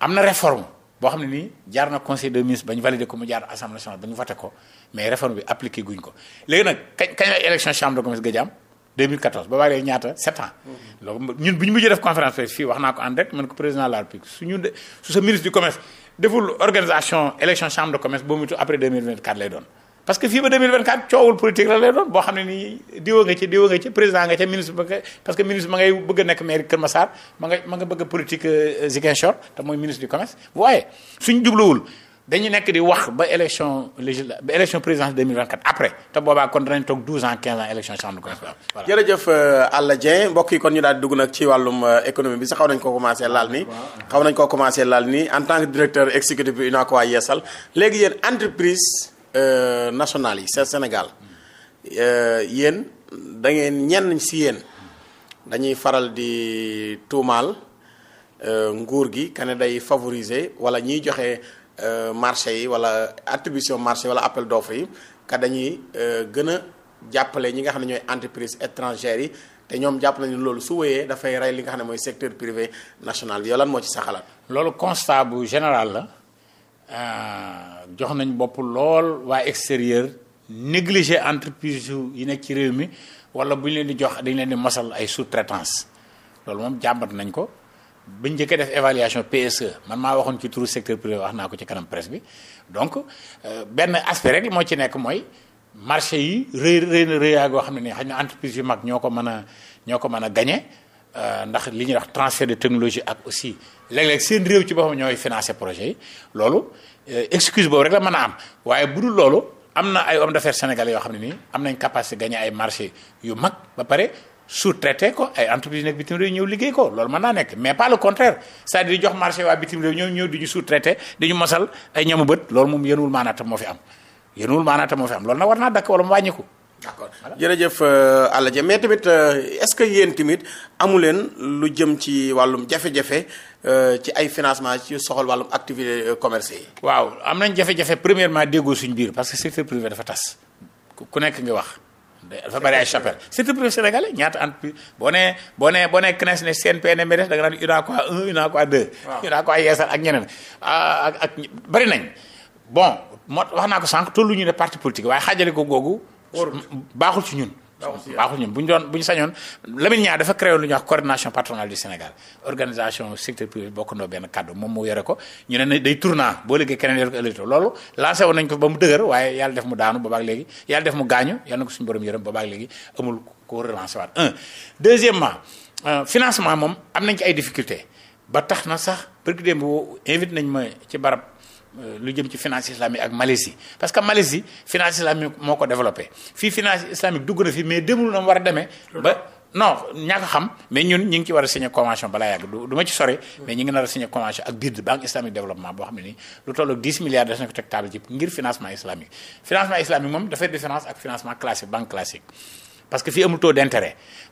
am na réforme. boo xam ne nii jaar na conseil des ministres ba ñu ko mu jaar assemblée nationale ba ñu voté ko mais réforme bi appliqué guñ ko léegi nag kañ kañ la élection chambre de commerce gëj am 2014 ba baa léegi ñaata 7 mm-hmm. ñun bu ñu mujjee def conférence fii wax naa ko en direct man ko président la République su ñu de su sa ministre du commerce deful organisation élection chambre de commerce boo mu après 2024 lay parce que fii ba 2024 coowul politique la lay doon boo xam ne nii diwa nga ci diwa nga ci président nga ca ministre parce que ministre ma ngay bëgg a nekk maire Kër ma nga ma nga bëgg a politique euh, Ziguinchor te mooy ministre du commerce waaye suñ jubluwul dañu nekk di wax ba élection législative ba élection présidence 2024 après te booba kon danañ toog 12 ans 15 ans élection chambre de commerce euh, nag ci wàllum euh, économie bi sax xaw nañ ko commencé xaw nañ ko commencé laal en tant que directeur exécutif bi UNACOIS Yeessal Euh, nationale yi seen Sénégal euh, yéen da ngeen ñenn si yéen dañuy faral di tuumaal euh, nguur gi kane day favoriser wala ñiy joxe marché yi wala attribution marché wala apple d'offre yi ka dañuy gën a jàppale ñi nga xam ne ñooy entreprise étrangères yi te ñoom jàpp nañu loolu su wéyee dafay rey li nga xam ne mooy secteur privé national bi lan moo ci sa loolu constat général la. Euh, jox nañ bopp lool waa extérieur négliger entreprise yi nekk ci réew mi wala buñ leen di jox dañ leen di masal ay sous-traitance loolu moom jàmbat nañ ko bu njëkkee def évaluation PSE man maa waxoon ci turu secteur privé wax naa ko ci kanam presse bi donc euh, benn aspect rek moo ci nekk mooy marché yi rëy rëy na rëyaay goo xam ne nii xëy na entreprise yu mag ñoo ko mën a ñoo ko mën a gañe Euh, ndax li ñuy wax transfert de technologie ak aussi léeg-léeg seen réew ci boppam ñooy financer projet yi loolu euh, excuse boobu rek la mën a am waaye bu loolu am na ay hommes d'affaires sénégalais yoo xam ne nii am nañ capacité gagner ay marché yu mag ba pare sous-traité ko ay entreprise nekk bitim réew ñëw liggéey ko loolu mën naa nekk mais pas le contraire c'est-à-dire di jox marché waa bitim réew ñëw ñëw di ñu sous-traité di ñu mosal ay ñamu bët loolu moom yenuwul maanaata moo fi am yenuwul maanaata moo fi am loolu nag war naa dakk wala mu d'accord jërëjëf euh, Alla Dieng mais tamit euh, est-ce que yéen tamit amu leen lu jëm ci wàllum jafe-jafe euh, ci ay financement ci soxol wàllum activité commerce yi. waaw am nañ jafe-jafe premièrement déggoo suñu biir parce que secteur privé dafa tas ku nekk nga wax. dafa bari ay chapelle secteur privé sénégalais ñaata entreprise boo nee boo nee boo nee CNES ne CNP ne MEDEF da nga naan UNACOIS 1 UNACOIS 2. waaw UNACOIS Yeesal ak ñeneen ah, ak ak bari nañ bon moo wax naa ko sànq tolluñu ne parti politique waaye xaajale ko googu. baaxul ci ñun. baaxul ñun bu ñu doon bu sañoon Lamine Niang dafa créé lu ñu wax coordination patronale du Sénégal organisation secteur bokk bokkandoo benn kàddu moom moo yore ko ñu ne ne day tournant boo liggéey keneen yore ko ëllëg loolu lancé woon nañ ko ba mu dëgër waaye yàlla def mu daanu boobaak léegi yàlla def mu gaañu yàlla na ko suñu borom yërëm boobaak léegi amul ko relancé waat un deuxièmement euh, financement moom am nañ ci ay difficulté ba tax na sax bërki démb invite nañ ma ci barab Euh, lu jëm ci finance islamique ak Malaisie parce que Malaisie finance islamique moo ko développé fii finance islamique dugg na fi mais demul na war a demee ba non ñaa ko xam mais ñun ñu ngi ci war a signé convention balaa yàgg du ma ci sore mais ñu ngi nar a signé convention ak BID banque islamique développement boo xam ne nii lu toll ak 10 milliards def na ko ngir financement islamique financement islamique moom dafay différence ak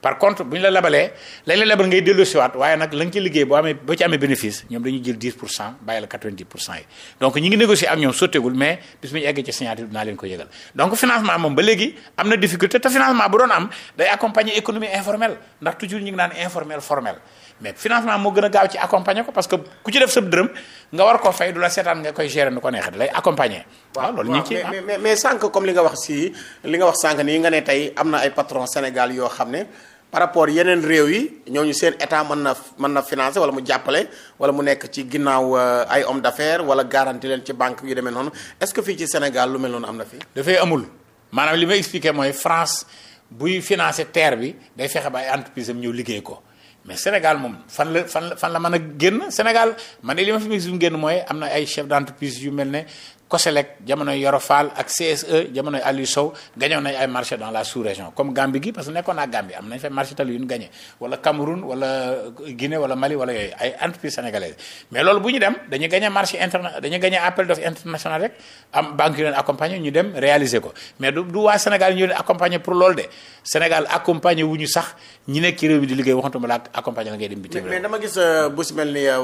par contre bu ñu la labalee lañ la labal ngay delloosiwaat waaye nag la nga ci liggéey boo amee boo ci amee bénéfice ñoom dañuy jël 10 pour cent bàyyi la 90 pour cent yi donc ñi ngi négocier ak ñoom sotteegul mais bis bu ñu eggee ci signature dinaa leen ko yëgal donc financement moom ba léegi am na difficulté te financement bu doon am day accompagner économie informelle ndax toujours ñu ngi naan informel formel mais financement moo gën a gaaw ci accompagner ko parce que ku ci def sa dërëm nga war koo fay du la seetaan nga koy gérer nu ko neexee lay accompagner. waaw ah, loolu ñu ngi ciy mais mais mais li nga wax si li nga wax nii ne tey am na ay patron yoo xam ne. par rapport yeneen réew yi ñooñu seen état mën na mën na financer wala mu jàppale wala mu nekk ci ginnaaw euh, ay homme d'affaires wala garantie leen ci banque yu demee noonu est-ce que fii ci Sénégal lu mel noonu am na fi. dafay amul maanaam li may expliquer mooy France buy financer terre bi day fexe baa ay entreprise am ñëw liggéey ko mais Sénégal moom fan la fan la fan la man a génn Sénégal man li ma fi gis génn mooy am na ay chef d'entreprise yu mel ne COSELEC jamonoy Yoro Fall ak CSE jamonoy Aliou Sow gañoon nañ ay marché dans la sous-région comme Gambie gi parce que nekkoon naa Gambie am nañ fa marché tali yu ñu gagné wala Cameroun wala Guinée wala Mali wala yooyu ay entreprises sénégalaises mais lool bu ñu dem dañuy gagné marché interna dañuy gagné appel d'offres international rek am banque yu leen accompagner ñu dem réaliser ko mais du du waa Sénégal ñu leen accompagner pour loolu de Sénégal accompagner wu ñu sax ñi nekk ci réew mi di liggéey waxantuma la accompagner la ngay dem bitim mais dama gis euh, bu si mel euh,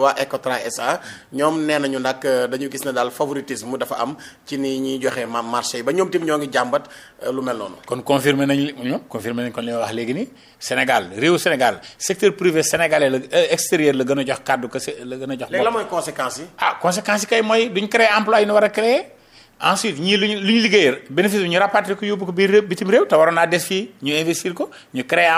dafa am ci ni ñuy joxe ma marché yi ba ñoom tamit ñoo ngi jàmbat euh, lu mel noonu. kon confirmer nañ ñoom confirmer nañ kon li ma wax léegi nii Sénégal réew Sénégal secteur privé sénégalais la euh, extérieur la gën a jox kàddu que la gën a jox. léegi la mooy conséquences yi. ah conséquences yi kay mooy duñ créer emploi yi ñu war a créer ensuite ñii lu ñu lu ñu liggéeyal bi ñu rapatrier ko yóbbu ko biir réew bitim réew te waroon naa des fii ñu investir ko ñu créer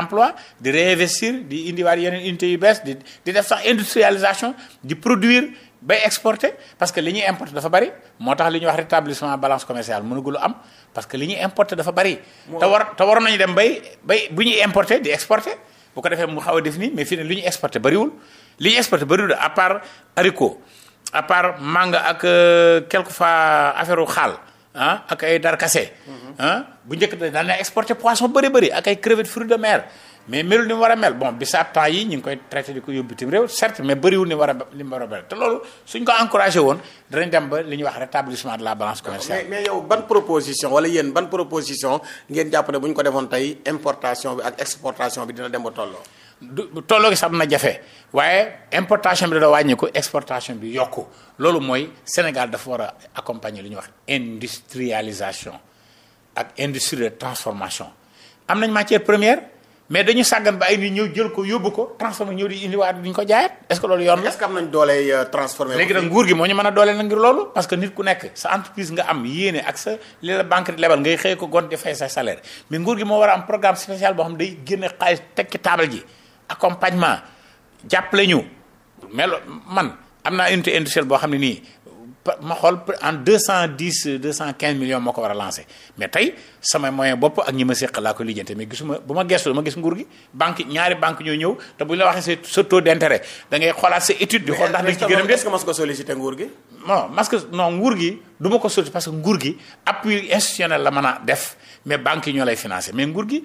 di réinvestir di indiwaat yeneen unités yu bees di di def sax industrialisation di produire. bay exporté parce que li ñuy importé dafa bari moo tax li ñuy wax rétablissement balance commerciale mënugul am parce que li ñuy importé dafa bari. te war te waroon nañu dem bay bay bu ñuy importé di exporté bu ko defee mu xaw a def nii mais fii ne li ñu exporté bariwul li ñu exporté bariwul à part haricot à part manga ak euh, quelque fois affaire u xaal ah ak ay darkase. Mm-hmm. ah bu njëkk dañ daan exporté poisson bari bari ak ay crevettes fruits de mer. mais melul ni mu war a mel bon bisaab temps yi ñu ngi koy traité di ko yóbbu bitim réew certes mais bëriwul ni mu war a li mu war a mel te loolu suñ ko encouragé woon danañ dem ba li ñu wax rétablissement de la balance commerciale. mais mais yow ban proposition wala yéen ban proposition ngeen jàpp bu ñu ko defoon tey importation bi ak exportation bi dina dem ba tolloo. du tolloo gi sax na jafe waaye importation bi dana wàññi ko exportation bi yokku loolu mooy Sénégal dafa war a accompagner li ñuy wax industrialisation ak industrie de transformation am mais dañu sàggan ba ay nit ñëw jël ko yóbbu ko transformé ñëw di indiwaat duñ ko jaayaat est ce que loolu yoon la. est ce que am nañ doole euh, transformé. nguur gi moo ñu mën a doole na ngir loolu. parce que nit ku nekk sa entreprise nga am yéene ak sa li la banque di lebal ngay xëy ko gont di fay sa salaire mais nguur gi moo war a am programme spécial boo xam day génne xaalis teg ci table ji accompagnement jàppale ñu melo man am naa unité industrielle boo xam ne nii ma xool en deux cent dix deux cent quinze millions moo ko war a lancé mais tey sama moyen bopp ak ñi ma séq laa ko lijjante mais gisuma bu ma gestu ma gis nguur gi banque ñaari banque ñoo ñëw te bu ñu la waxee sa sa taux d' intérêt da ngay xoolaat sa étude. di xool ndax dañ ci gërëm est ce que mas ko sollicité nguur gi. non parce que nguur gi du ma ko sollicité parce que nguur gi appui institutionnel la man a def mais banque yi ñoo lay financé mais nguur gi.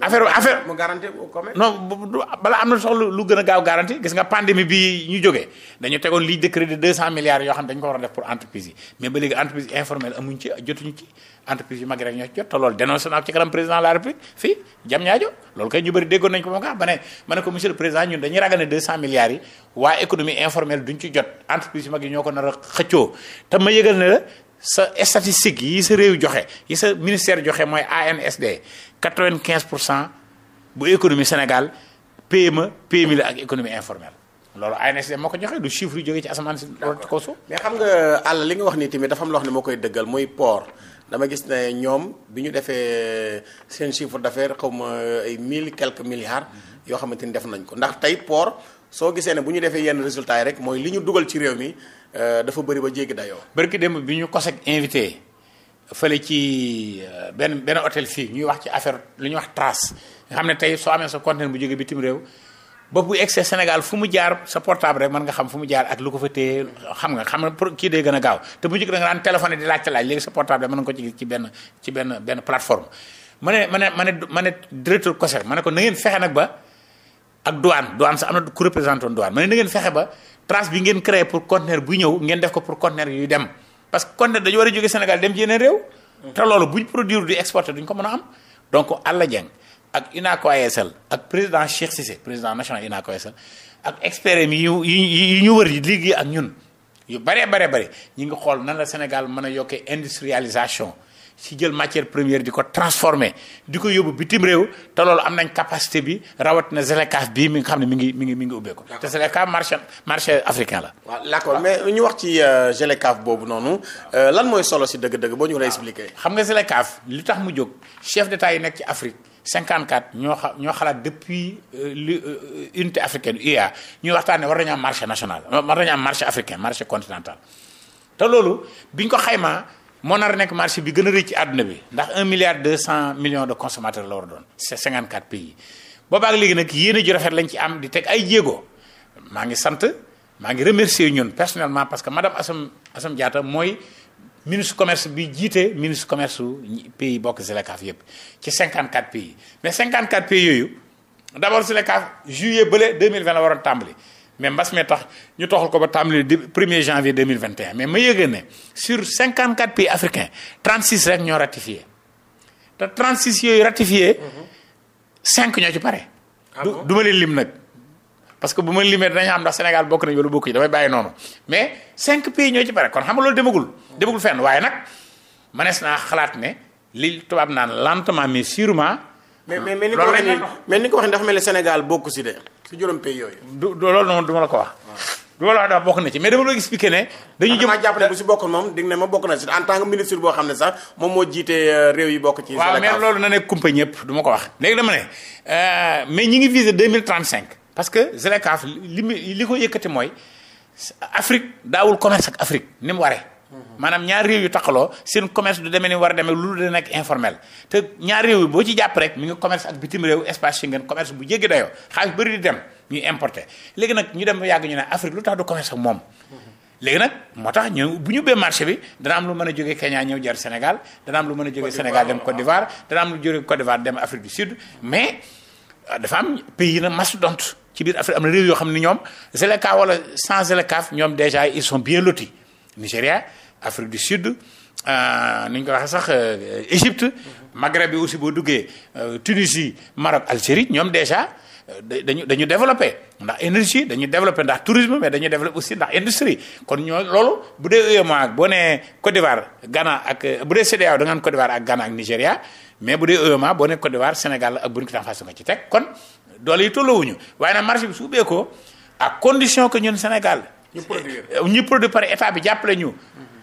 affaire affaire mu garanti ko non am na soxla gën a gaaw garanti gis nga pandémie bi ñu jógee dañu tegoon lii de deux cent milliards yoo xam ne dañu ko war a def pour entreprise yi mais ba léegi entreprise informelle amuñ ci jotuñu ci entreprise yu mag rek ñoo ci jot te loolu dénoncé naa ko ci kanam président de la république fii jam ñaajo loolu kay ñu bëri déggoon nañu ko moom nga xam ne ma ne ko monsieur président ñun dañuy ragal ne deux cent milliards yi waa économie informelle duñ ci jot entreprise yu mag yi ñoo ko nar a xëccoo sa statistique yi sa réew joxe yi sa ministère joxe mooy ANSD 95 pour cent bu économie Sénégal PME PMI la ak économie informelle loolu ANSD moo ko joxe du chiffre yu jógee ci asamaan si loolu ci kaw mais xam nga àll li nga wax nii tamit dafa am loo xam ne moo koy dëggal muy port dama gis ne ñoom bi ñu defee seen chiffre d'affaires xaw ma ay mille quelques milliards yoo xamante ni def nañ ko ndax tey port. soo gisee ne bu ñu defee yenn résultat yi rek mooy li ñu dugal ci réew mi euh, dafa bëri ba jéggi dayoo. barki démb bi ñu COSEC invité fële ci euh, benn benn hôtel fii ñuy wax ci affaire lu ñuy wax trace nga xam ne tey soo amee sa conteneur bu jógee bitim réew ba bu egsee Sénégal fu mu jaar sa portable rek mën nga xam fu mu jaar ak lu ko fa téye xam nga xam nga kii day gën a gaaw te bu njëkk da nga daan téléphone di laajte laaj léegi sa portable mën nga ko ci ci benn ci benn benn plateforme. ma ne ma ne ma ne directeur COSEC ma ne ko na ngeen fexe nag ba. ak douane douane sax am na ku représenté woon douane ma ne ngeen fexe ba trace bi ngeen créé pour conteneur bu ñëw ngeen def ko pour conteneur yuy dem parce que conteneur dañu war a jóge Sénégal dem ci yeneen réew te loolu buñ produire di exporté duñ ko mën a am donc Alla Dieng ak UNACOIS ASL ak président Cheikh Cissé président national UNACOIS ASL ak experts yi ñu yi ñu wër yi liggéey ak ñun yu bare bare bare ñi ngi xool nan la Sénégal mën a yokkee industrialisation si jël matière première di ko transformer di ko yóbbu bitim réew te loolu am nañ capacité bi rawat na Zelekaf bi mi nga xam ne mu ngi mi ngi mi ngi ubbeeku. te Zelekaf marché marché africain la. wax ci euh, Zelekaf boobu noonu euh, lan mooy solo si dëgg-dëgg boo ñu lay expliquer. xam nga Zelekaf li tax mu jóg chef d'état yi nekk ci Afrique. 54 ñoo xa ñoo xalaat depuis euh, li unité africaine UA ñuy waxtaan ne war nañu am marché national war nañu am marché africain marché continental te loolu bi ñu moo nar nekk marché bi gën a rëy ci àdduna bi ndax 1 milliard 200 millions de consommateurs la war doon c'est 54 pays boobaak léegi nag yéene ju rafet lañ ci am di teg ay jéego maa ngi sant maa ngi remercier ñoon personnellement parce que madame Assome Assome Diatta mooy ministre commerce bi jiite ministre commerce su pays bokk ZLECAf yépp ci 54 pays mais 54 pays yooyu d'abord ZLECAf juillet bële 2020 la waroon tàmbali. mais mbas mee tax ñu toxal ko ba tàmbali di 1er janvier 2021 mais ma yëgee ne sur 54 pays africains 36 rek ñoo ratifié te 36 yooyu ratifié. 5 ñoo ci pare. Ah du du ma leen lim nag. parce que bu ma limee dinañ xam ndax Sénégal bokk nañ wala bokk yi damay bàyyi noonu mais 5 pays ñoo ci pare kon xam nga loolu demagul. demagul fenn waaye nag mënees naa xalaat ne li tubaab naan lentement mais sûrement. mais ah. mais mais ni ko waxee nii mais ni ko waxee dafa mel ni Sénégal bokk si de si juróom pays yooyu. du loolu du ma la ko wax. Ah. du ma la wax daal bokk na ci mais dama la expliqué ne. dañuy ah, jëm damaa jàpp bu si bokkoon moom dig ne ma bokk na si en tant que ministre boo xam ne sax moom moo jiite euh, réew yi bokk. ci Sénégal waaw mais loolu na nekk kumpa ñëpp du ma ko wax. léegi dama ne euh, mais ñi ngi parce que ZLECAf li li ko yëkkati mooy Afrique daawul commerce ak Afrique ni mu waree. maanaam ñaar réew yu taxaloo seen commerce du demee ni war a demee lu dul nekk informel te ñaar réew yi boo ci jàpp rek mi ngi commerce ak bitim réew espace Schengen commerce bu jéggi dayoo xaalis bëri di dem ñuy importer léegi nag ñu dem yàgg ñu ne Afrique lu tax du commerce ak moom. léegi nag moo tax ñu bu ñu ubbee marché bi dana am lu mën a jógee Kenya ñëw jar Sénégal dana am lu mën a jógee Sénégal dem Côte d'Ivoire dana am lu jógee Côte d'Ivoire dem Afrique du Sud mais euh, dafa am pays na ci biir yoo xam ne ñoom ZLECA wala sans ZLECAf ñoom déjà ils sont bien lotis Nigéria Afrique du Sud euh, ni ñu ko waxee sax euh, Égypte. Maghreb bi aussi boo duggee euh, Tunisie Maroc Algérie ñoom déjà dañu dañu développé ndax énergie dañu développé ndax tourisme mais dañu développé aussi ndax industrie kon ñoo loolu bu dee UEMOA boo nee Côte d'Ivoire Ghana ak bu dee CEDEAO da ngaan Côte d'Ivoire ak Ghana ak Nigéria mais bu dee UEMOA boo nee Côte d'Ivoire Sénégal ak Burkina Faso nga ci teg kon dool yi tolloowuñu waaye nag marché bi su ubbee ko à condition que Sénégal. ñu produire ñu produire bi jàppale ñu.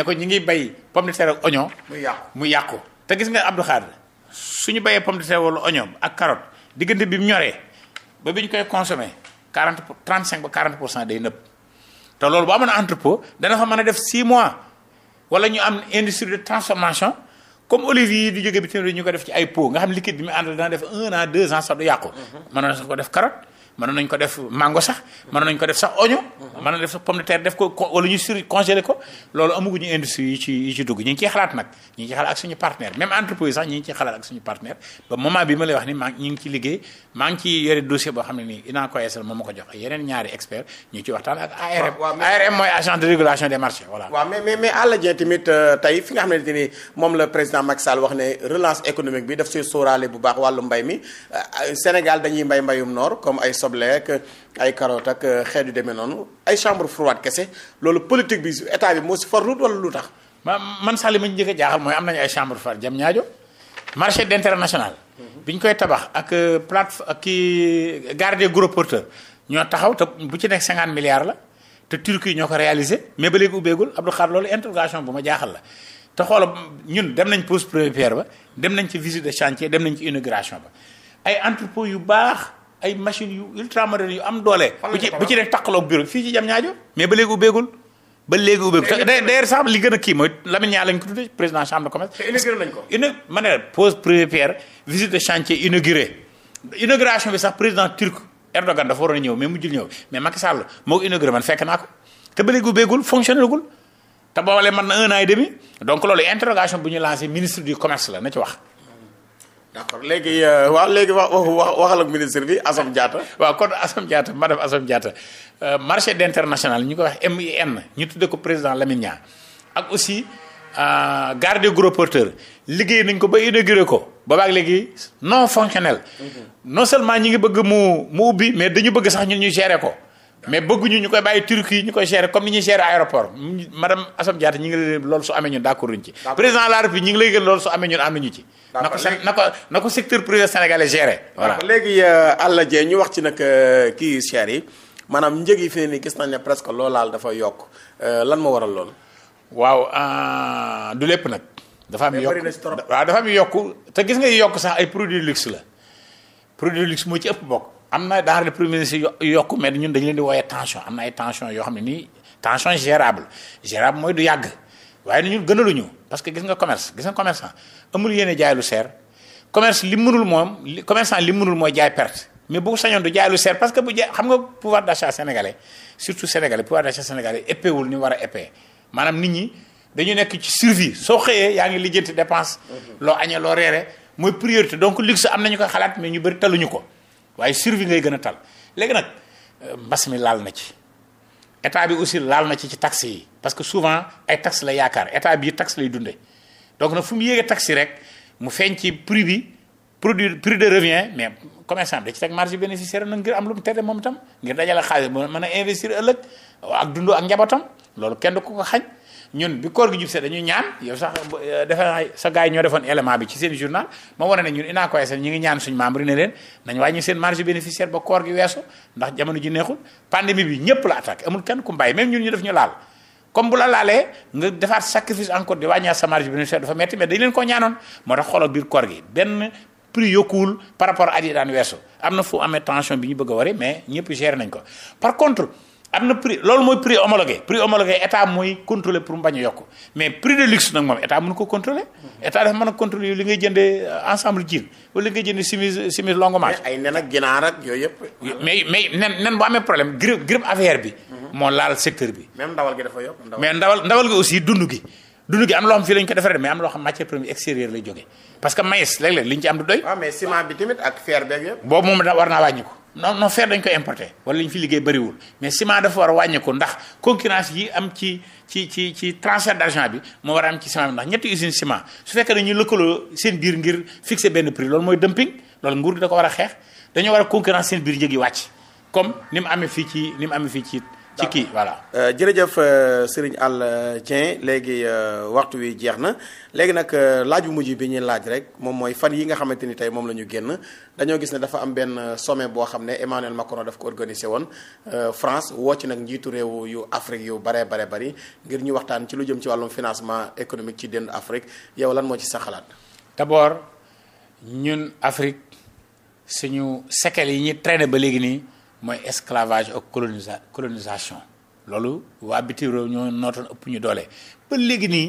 ne ko ñi ngi bay pomme de terre ak oignon. muy yàqu muy yàqu. te gis nga Abdou Khadre su ñu bayee pomme de terre wala oignon ak carotte diggante bi mu ñoree ba bi ñu koy consommé 40 pour 35 ba 40 pour cent day nëb te loolu bu amoon entrepôt dana fa mën a def 6 mois wala ñu am industrie de transformation comme olive yi di jóge bitim réew ñu ko def ci ay pot nga xam liquide bi mu àndal dana def 1 an 2 ans sax du yàqu. Mm-hmm. mënoon na ko def carotte. mënoon nañ ko def mango sax mënoon nañ ko def sax oignon mënoon nañ def def ko wala ñu sur congelé ko loolu amuguñu industrie yi ci yi ci dugg ñu ngi ciy xalaat nag ñu ngi ciy xalaat ak suñu partenaire même entreprise sax ñu ngi ciy xalaat ak suñu partenaire ba moment bi ma lay wax ni maa ñu ngi ci liggéey maa ngi ci yore dossier boo xam ne nii INACOISL moom ma ko jox ak yeneen ñaari expert ñu ci waxtaan ak ARM ARM mooy agent de régulation des marchés voilà waaw mais mais mais euh, moom la président Macky Sall wax ne relance économique bi daf si sóoraale bu baax wàllu mbay mi euh, Sénégal dañuy mbay mbayum noor comme ay soble ak ay euh, demee noonu ay chambre froide kese loolu politique bi état bi moo si farlu wala lu tax. ma man Sall ma njëkk a jaaxal mooy am nañu ay chambre froide jam ñaajo marché international. Mhm. bi ñu koy tabax ak euh, plate ak kii gare des gros porteurs ñoo taxaw te bu ci nekk cinquante milliards la te Turquie ñoo ko réalisé mais ba léegi ubbeegul Abdou Khadre loolu interrogation bu ma jaaxal la. te xoola ñun dem nañ pose première pierre ba dem nañ ci visite de chantier dem nañ ci inauguration ba ay machine yu ultramarines yu am doole. bu ci bu ci def taqaloog bureau fii ci jam ñaajo mais ba léegi ubbeegul ba léegi ubbeegul d'ailleurs sax li gën a kii mooy Lamine Niang lañ ko tuddee président chambre de commerce. te inauguré nañ ko. ina ma inauguration bi sax président turc Erdogan dafa waroon a ñëw mais mujjul ñëw mais Macky Sall moo inauguré man fekk naa ko te ba léegi ubbeegul fonctionné gul te boobalee man an et demi loolu interrogation bu ñu lancé ministre du commerce la na ci d'accord léegi euh, waaw léegi wax wax waxal ak ministre bi Assome Diatta. waaw kon Assome Diatta madame Assome Diatta euh, marché international ñu ko wax MIN ñu tuddee ko président Lamine Niang ak aussi euh, garde gros porteur liggéey nañ ko ba inauguré ko boobaag léegi non fonctionnel. Mhm. non seulement ñi ngi bëgg mu mu ubbi mais dañu bëgg sax ñun ñu gérer ko. mais bëgguñu ñu koy bàyyi Turquie ñu koy gérer comme ni ñuy gérer aéroport madame Assome Diatta ñu ngi lay loolu su amee ñun d'accord ñu ci. président de la République ñu ngi lay ci. na ko na ko na ko secteur privé sénégalais gérer. voilà léegi euh, Alla Dieng ñu wax ci nag euh, kii cher yi maanaam njëg yi fi ne nii gis nañ ne presque loolaal dafa yokk euh, lan moo waral loolu. waaw du lépp nag. dafa am yokk waaw dafa am yokk te gis ngay yokk sax ay produits luxe la produit luxe moo ci ëpp bokk. am na dans le premier ministre yu yokku mais ñun dañu leen di wooyee tension am na ay tension yoo xam ne nii tension gérable gérable mooy du yàgg waaye ñun gënaluñu parce que gis nga commerce gis nga commerçant amul yéene jaay lu seer commerce li moom li commerçant li mënul mooy jaay perte mais bu sañoon du jaay lu seer parce que bu jaay xam nga pouvoir d'achat sénégalais surtout sénégalais pouvoir d'achat sénégalais épée ni war a épée maanaam nit ñi dañu nekk ci survie soo xëyee yaa ngi lijjanti dépense. Mhm. loo loo reere mooy priorité donc luxe am nañu ko xalaat mais ñu bëri taluñu ko. waaye survie ngay gën a tal léegi nag euh, mbas mi laal na ci état bi aussi laal na ci ci taxes yi parce que souvent ay taxes la yaakaar état bi taxe lay dundee donc nag fu mu yéegee taxes yi rek mu feeñ ci prix bi produit prix de revient mais commerçant bi da ci teg marge bénéficiaire nag ngir am lu mu tere moom itam ngir dajale xaalis mën a investir ëllëg ak dundoo ak njabootam loolu kenn du ko ko xañ. ñun bi koor gi jub see dañuy ñaan yow sax eh, defe naa sa gars yi ñoo defoon élément bi ci seen journal ma wane ne ñun inaakoyesen ñu ngi ñaan suñ membre yi leen nañ wàññi seen marge bénéficiaire ba koor weesu ndax jamono ji neexul bi ñëpp la attaque amul kenn ku mbàyyi même ñun ñu def ñu laal comme bu la laalee nga defaat sacrifice encore di wàññaat sa marge bénéficiaire dafa metti mais dañ leen ko ñaanoon moo tax xoolal biir koor gi bi ñu bëgg a wari mais ñëpp géré nañ ko am na prix loolu mooy prix homologué prix homologué état mooy contrôler pour mu a yokk mais prix de luxe nag moom état mënu ko contrôler état dafa mën a contrôler li ngay jëndee euh, ensemble jean wala li ngay jëndee chemise chemise longue manche. ay nen ak ginaar ak yooyu yëpp. mais mais nen nen bu amee problème grippe grippe affaire bi. moo laal secteur bi. même ndawal gi dafa yokk ndawal mais ndawal ndawal gi aussi dund gi. dund gi am loo xam fii lañ ko defaree mais am loo xam matière première extérieure lay jógee parce que maïs léeg-léeg liñ ci am du doy. bi tamit ak fer beeg yëpp. boobu moom war naa wàññi ko non dañ ko importé wala li ñu fi liggéey bëriwul mais ciment dafa war a wàññi ko ndax concurrence yi am ci ci ci ci transfert d' argent bi moo war a am ci ciment bi ndax ñetti usine ciment su fekkee dañuy lëkkaloo seen biir ngir fixer benn prix loolu mooy dumping loolu nguur gi da ko war a xeex war a concurrence seen biir njëg yi comme ni mu amee fii ci ni mu amee fii ci ci kii voilà. Euh, jërëjëf euh, Serigne Al Dieng léegi euh, waxtu wi jeex na léegi nag laaj bu mujj bi ñuy laaj rek moom mooy fan yi nga xamante ni tey moom la ñu génn dañoo gis ne dafa am benn sommet boo xam ne Emmanuel Macron daf ko organisé woon France woo ci nag njiitu réew yu Afrique yu baree bare bari ngir ñu waxtaan ci lu jëm ci wàllum financement économique ci dénnu Afrique yow lan moo ci sa xalaat. d'abord ñun Afrique suñu séquelles yi ñu traîner ba léegi nii. mooy esclavage o colonisa colonisation loolu waa bitim réew ñoo nootoon ëpp ñu doole ba léegi nii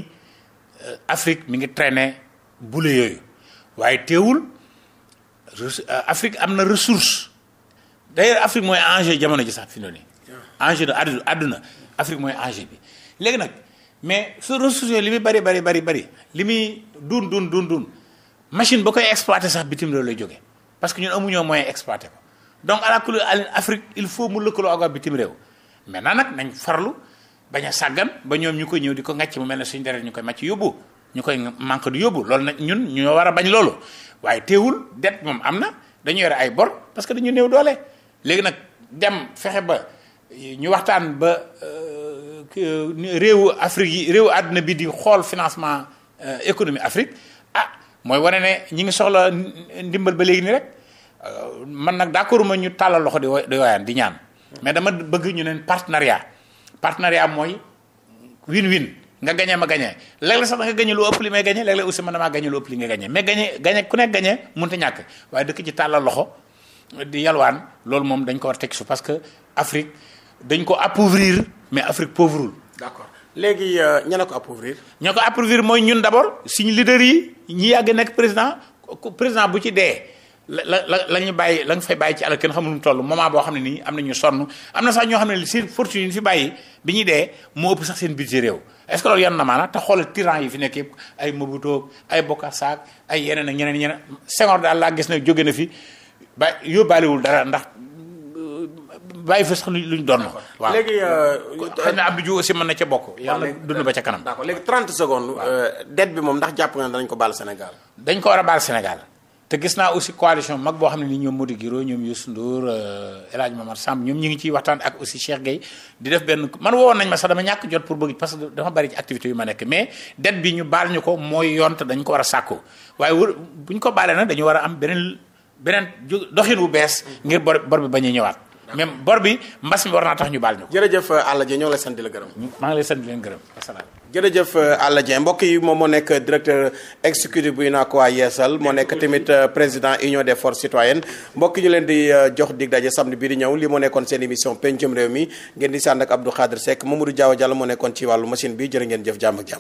euh, Afrique mi ngi traîner bule yooyu waaye teewul euh, Afrique am na ressource d'ailleurs Afrique mooy enjeu jamono ji sax fi mu ne nii. enjeu de àdduna àdduna Afrique mooy enjeu bi léegi nag mais su ressource yooyu li muy bari bari bari bari li muy dun dun dun dun machine ba koy exploiter sax bitim réew lay jóge parce que ñun amuñoo moyen exploiter donc à la couleur alin Afrique il faut mu lëkkaloo ak waa bitim réew maintenant nag nañ farlu bañ a sàggan ba ñoom ñu koy ñëw di ko ngàcc mu mel ne suñ deret ñu koy màcc yóbbu ñu koy manque di yóbbu loolu nag ñun ñoo war a bañ loolu waaye téewul det moom am na dañu yore ay bor parce que dañu néew doole léegi nag dem fexe ba ñu waxtaan ba euh, réew Afrique yi réew àddina bi di xool financement euh, économie Afrique ah mooy wane ne ñi ngi soxla ndimbal ba léegi nii rek Euh, man nag d'accord ma ñu tàllal loxo di wo di woyaan di ñaan mais dama bëgg ñu neen partenariat partenariat mooy win-win nga gagné ma gagné léeg-léeg sax da nga gagné lu ëpp li may gagné léeg-léeg aussi man damaa gagné lu ëpp li nga gagné mais gagné gagné ku nekk gagné mënut a ñàkk waaye dëkk ci tàllal loxo di yalwaan loolu moom dañ ko war teg su parce que Afrique dañ ko appauvrir mais Afrique pauvrul. d'accord léegi euh, ña na ko appauvrir. ña ko appauvrir mooy ñun d'abord suñu leader yi ñi yàgg nekk président président bu ci dee. la la la ñu bàyyi la fay bàyyi ci alal kenn xamul mu toll moment boo xam ne nii am na ñu sonn am na sax ñoo xam ne seen fortune yi fi bàyyi bi ñuy dee moo ëpp sax seen budget réew est yan na maana te xoolal tiran yi fi nekk yëpp ay Mobutu ay Bokar Sarr ay yeneen ak ñeneen ñeneen Senghor daal laa gis ne jóge na fi ba yóbbaalewul dara ndax euh, bàyyi fa sax luñ doon na. waaw léegi euh, xëy na Abdou Diouf aussi mën na ca bokk. yàlla dund ba ca kanam. d'accord léegi 30 secondes. Euh, dette bi moom ndax jàpp nga ne danañ ko baal Sénégal. dañ ko war a baal Sénégal te gis naa aussi coalition mag boo xam ne ni ñoom Mody Guiro ñoom Youssou Ndour euh, El Hadj Momar Samb ñoom ñu ngi ciy waxtaan ak aussi Cheikh Gueye di def benn man woowoon nañ ma sax dama ñàkk jot pour bëgg parce que dama bari ci activité yu ma nekk mais dette bi ñu baal ñu ko mooy yoon dañ ko war a sàkkoo waaye bu ñu ko baalee nag dañu war a am beneen beneen doxin wu bees ngir bor bor bi bañ a ñëwaat même bor bi mbas mi war naa tax ñu baal ñu ko. jërëjëf euh, Alla Dieng ñoo ngi lay sant gërëm. maa ngi lay sant di leen gërëm asalaam. jërëjëf euh, Alla yi moom moo nekk directeur exécutif bu UNACOIS Yeesal moo nekk tamit euh, président union des forces citoyennes mbokk ñu leen di jox dig daje samedi bii di ñëw li moo nekkoon seen émission pencum réew mi ngeen di sànd ak Abdou Khadre Seck Mamadou Diaw Diallo moo nekkoon ci wàllu machine bi jërë ngeen jëf jàmb ak